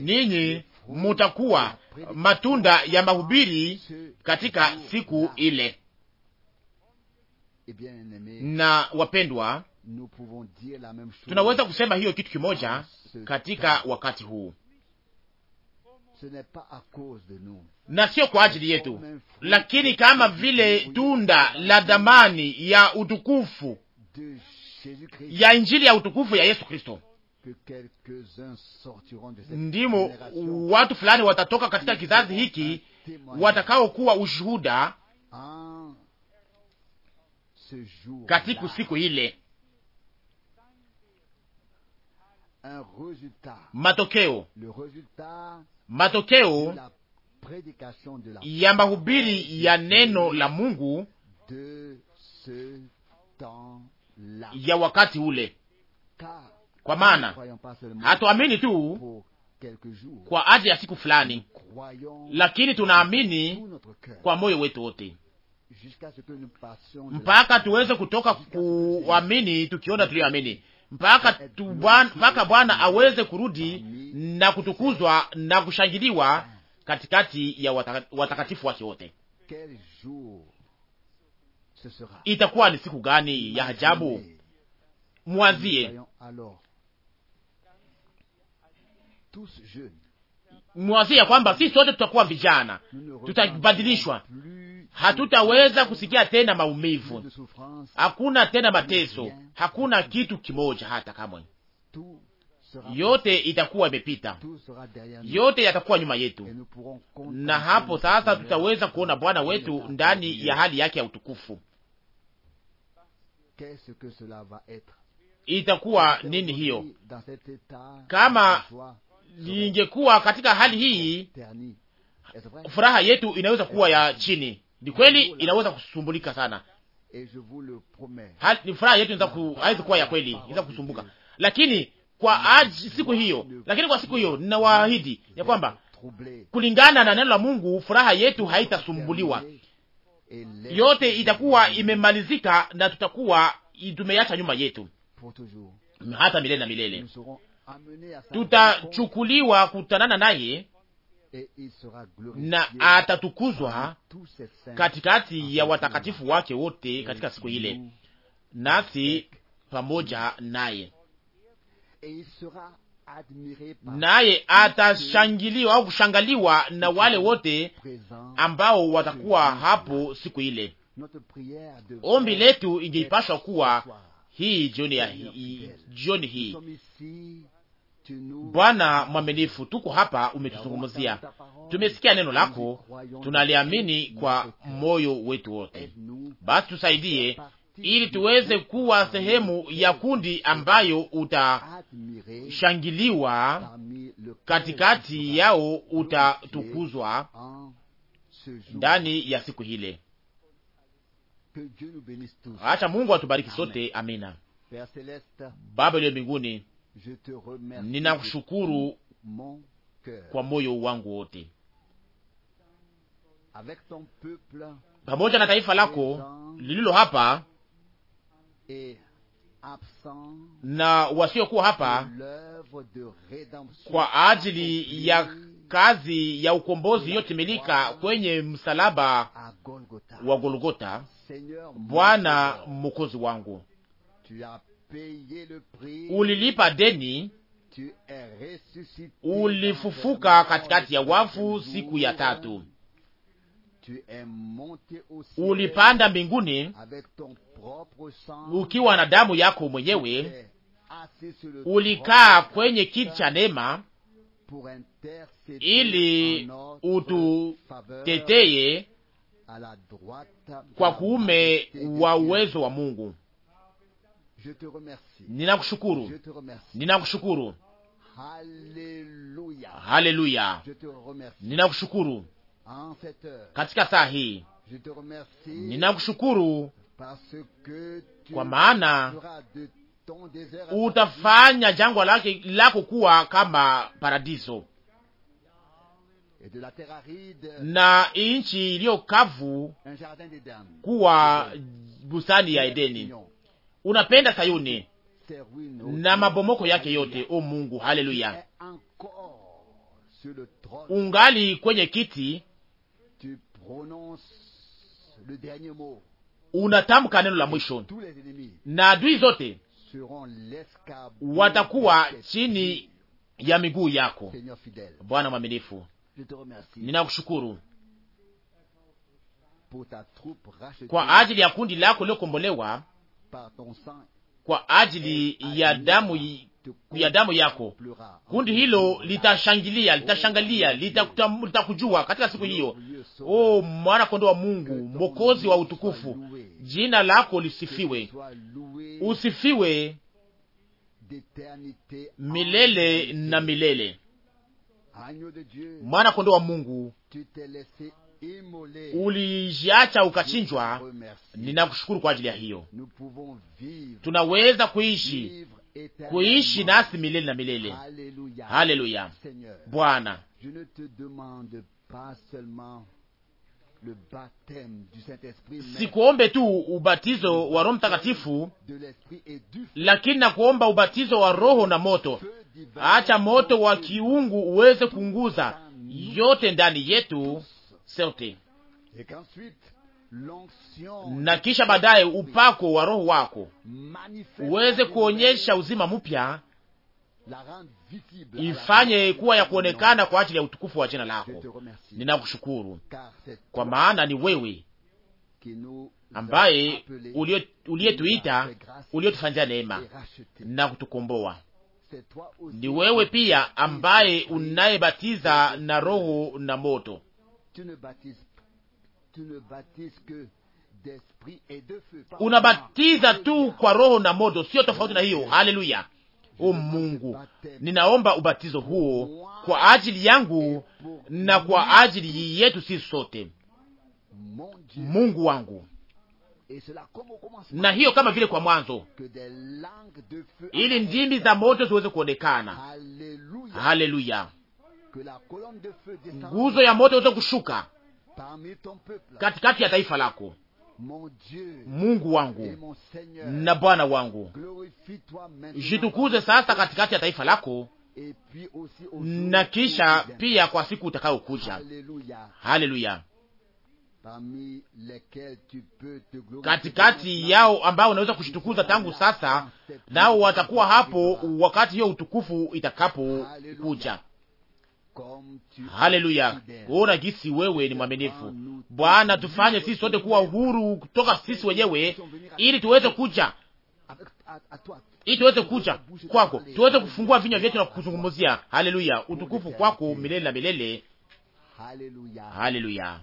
ninyi mutakuwa matunda ya mahubiri katika siku ile. Eh na wapendwa, tunaweza kusema hiyo kitu kimoja katika wakati huu, na sio kwa ajili yetu, lakini kama vile tunda la dhamani ya utukufu ya injili ya utukufu ya Yesu Kristo ndimo watu fulani watatoka katika kizazi hiki watakaokuwa ushuhuda katika siku ile. Matokeo matokeo ya mahubiri ya neno la Mungu ya wakati ule kwa maana hatuamini tu kwa ajili ya siku fulani, lakini tunaamini kwa moyo wetu wote mpaka tuweze kutoka kuamini tukiona tuliyoamini, mpaka mpaka Bwana aweze kurudi na kutukuzwa na kushangiliwa katikati ya watakatifu wake wote. Itakuwa ni siku gani ya ajabu! Mwanzie mwazi ya kwamba sisi sote tutakuwa vijana, tutabadilishwa. Hatutaweza kusikia tena maumivu, hakuna tena mateso, hakuna kitu kimoja hata kamwe. Yote itakuwa imepita, yote yatakuwa nyuma yetu, na hapo sasa tutaweza kuona Bwana wetu ndani ya hali yake ya utukufu. Itakuwa nini hiyo kama lingekuwa katika hali hii, furaha yetu inaweza kuwa ya chini. Ni kweli, inaweza kusumbulika sana Ni furaha yetu haiwezi kuwa ya kweli, inaweza kusumbuka, lakini kwa aji, siku hiyo, lakini kwa siku hiyo ninawaahidi ya kwamba kulingana na neno la Mungu furaha yetu haitasumbuliwa, yote itakuwa imemalizika na tutakuwa tumeacha nyuma yetu hata milele na milele tutachukuliwa kutanana naye na atatukuzwa katikati ya watakatifu wake wote katika siku ile, nasi pamoja naye, naye atashangiliwa au kushangaliwa na wale wote ambao watakuwa hapo siku ile. Ombi letu ingeipashwa kuwa hii jioni hii, jioni hii Bwana mwaminifu, tuko hapa, umetuzungumzia, tumesikia neno lako, tunaliamini kwa moyo wetu wote. Basi tusaidie ili tuweze kuwa sehemu ya kundi ambayo utashangiliwa katikati yao, utatukuzwa ndani ya siku hile. Acha Mungu atubariki sote, amina. Baba iliyo mbinguni Ninashukuru kwa moyo wangu wote pamoja na taifa lako lililo hapa na wasiokuwa hapa kwa ajili ya kazi ya ukombozi iliyotimilika kwenye msalaba wa Golgota. Bwana mwokozi wangu, ulilipa deni, ulifufuka katikati ya wafu siku ya tatu, ulipanda mbinguni ukiwa na damu yako mwenyewe, ulikaa kwenye kiti cha neema ili ututeteye kwa kuume wa uwezo wa Mungu. Ninakushukuru, ninakushukuru. Haleluya, ninakushukuru katika saa hii, ninakushukuru kwa maana utafanya jangwa lake lako kuwa kama paradiso na inchi iliyo kavu kuwa bustani ya Edeni, unapenda Sayuni na mabomoko yake yote. O Mungu, haleluya! Ungali kwenye kiti, unatamka neno la mwisho, na adui zote watakuwa chini ya miguu yako. Bwana mwaminifu, ninakushukuru kwa ajili ya kundi lako liokombolewa kwa ajili ya damu, ya damu yako. Kundi hilo litashangilia, litashangalia, oh, litakujua katika siku hiyo. O mwana kondo wa Mungu, mwokozi wa utukufu, jina lako lisifiwe, usifiwe milele na milele. Mwana kondo wa Mungu, ulijiacha ukachinjwa. Ninakushukuru kwa ajili ya hiyo. Tunaweza kuishi kuishi nasi milele na milele. Haleluya Bwana, sikuombe tu ubatizo wa Roho Mtakatifu, lakini nakuomba ubatizo wa Roho na moto. Acha moto wa kiungu uweze kuunguza yote ndani yetu yote, na kisha baadaye upako wa Roho wako uweze kuonyesha uzima mpya, ifanye kuwa ya kuonekana kwa ajili ya utukufu wa jina lako. Ninakushukuru kwa maana ni wewe ambaye uliyetuita, uliyetufanyia neema na kutukomboa. Ni wewe pia ambaye unayebatiza na Roho na moto unabatiza tu kwa roho na moto, sio tofauti na hiyo. Haleluya! O Mungu, ninaomba ubatizo huo kwa ajili yangu na kwa ajili yetu sisi sote, Mungu wangu na hiyo kama vile kwa mwanzo, ili ndimi za moto ziweze kuonekana. Haleluya! nguzo ya moto iweze kushuka katikati ya taifa lako. Mungu wangu na Bwana wangu, jitukuze sasa katikati ya taifa lako na kisha pia kwa siku utakayokuja. Haleluya! katikati yao ambao unaweza kushitukuza tangu sasa, nao watakuwa hapo wakati hiyo utukufu itakapokuja. Haleluya! kuona gisi wewe ni mwaminifu Bwana, tufanye sisi sote kuwa uhuru kutoka sisi wenyewe, ili tuweze kuja ili tuweze kuja kwako, tuweze kufungua vinywa vyetu na kuzungumzia. Haleluya! Utukufu kwako milele na milele. Haleluya!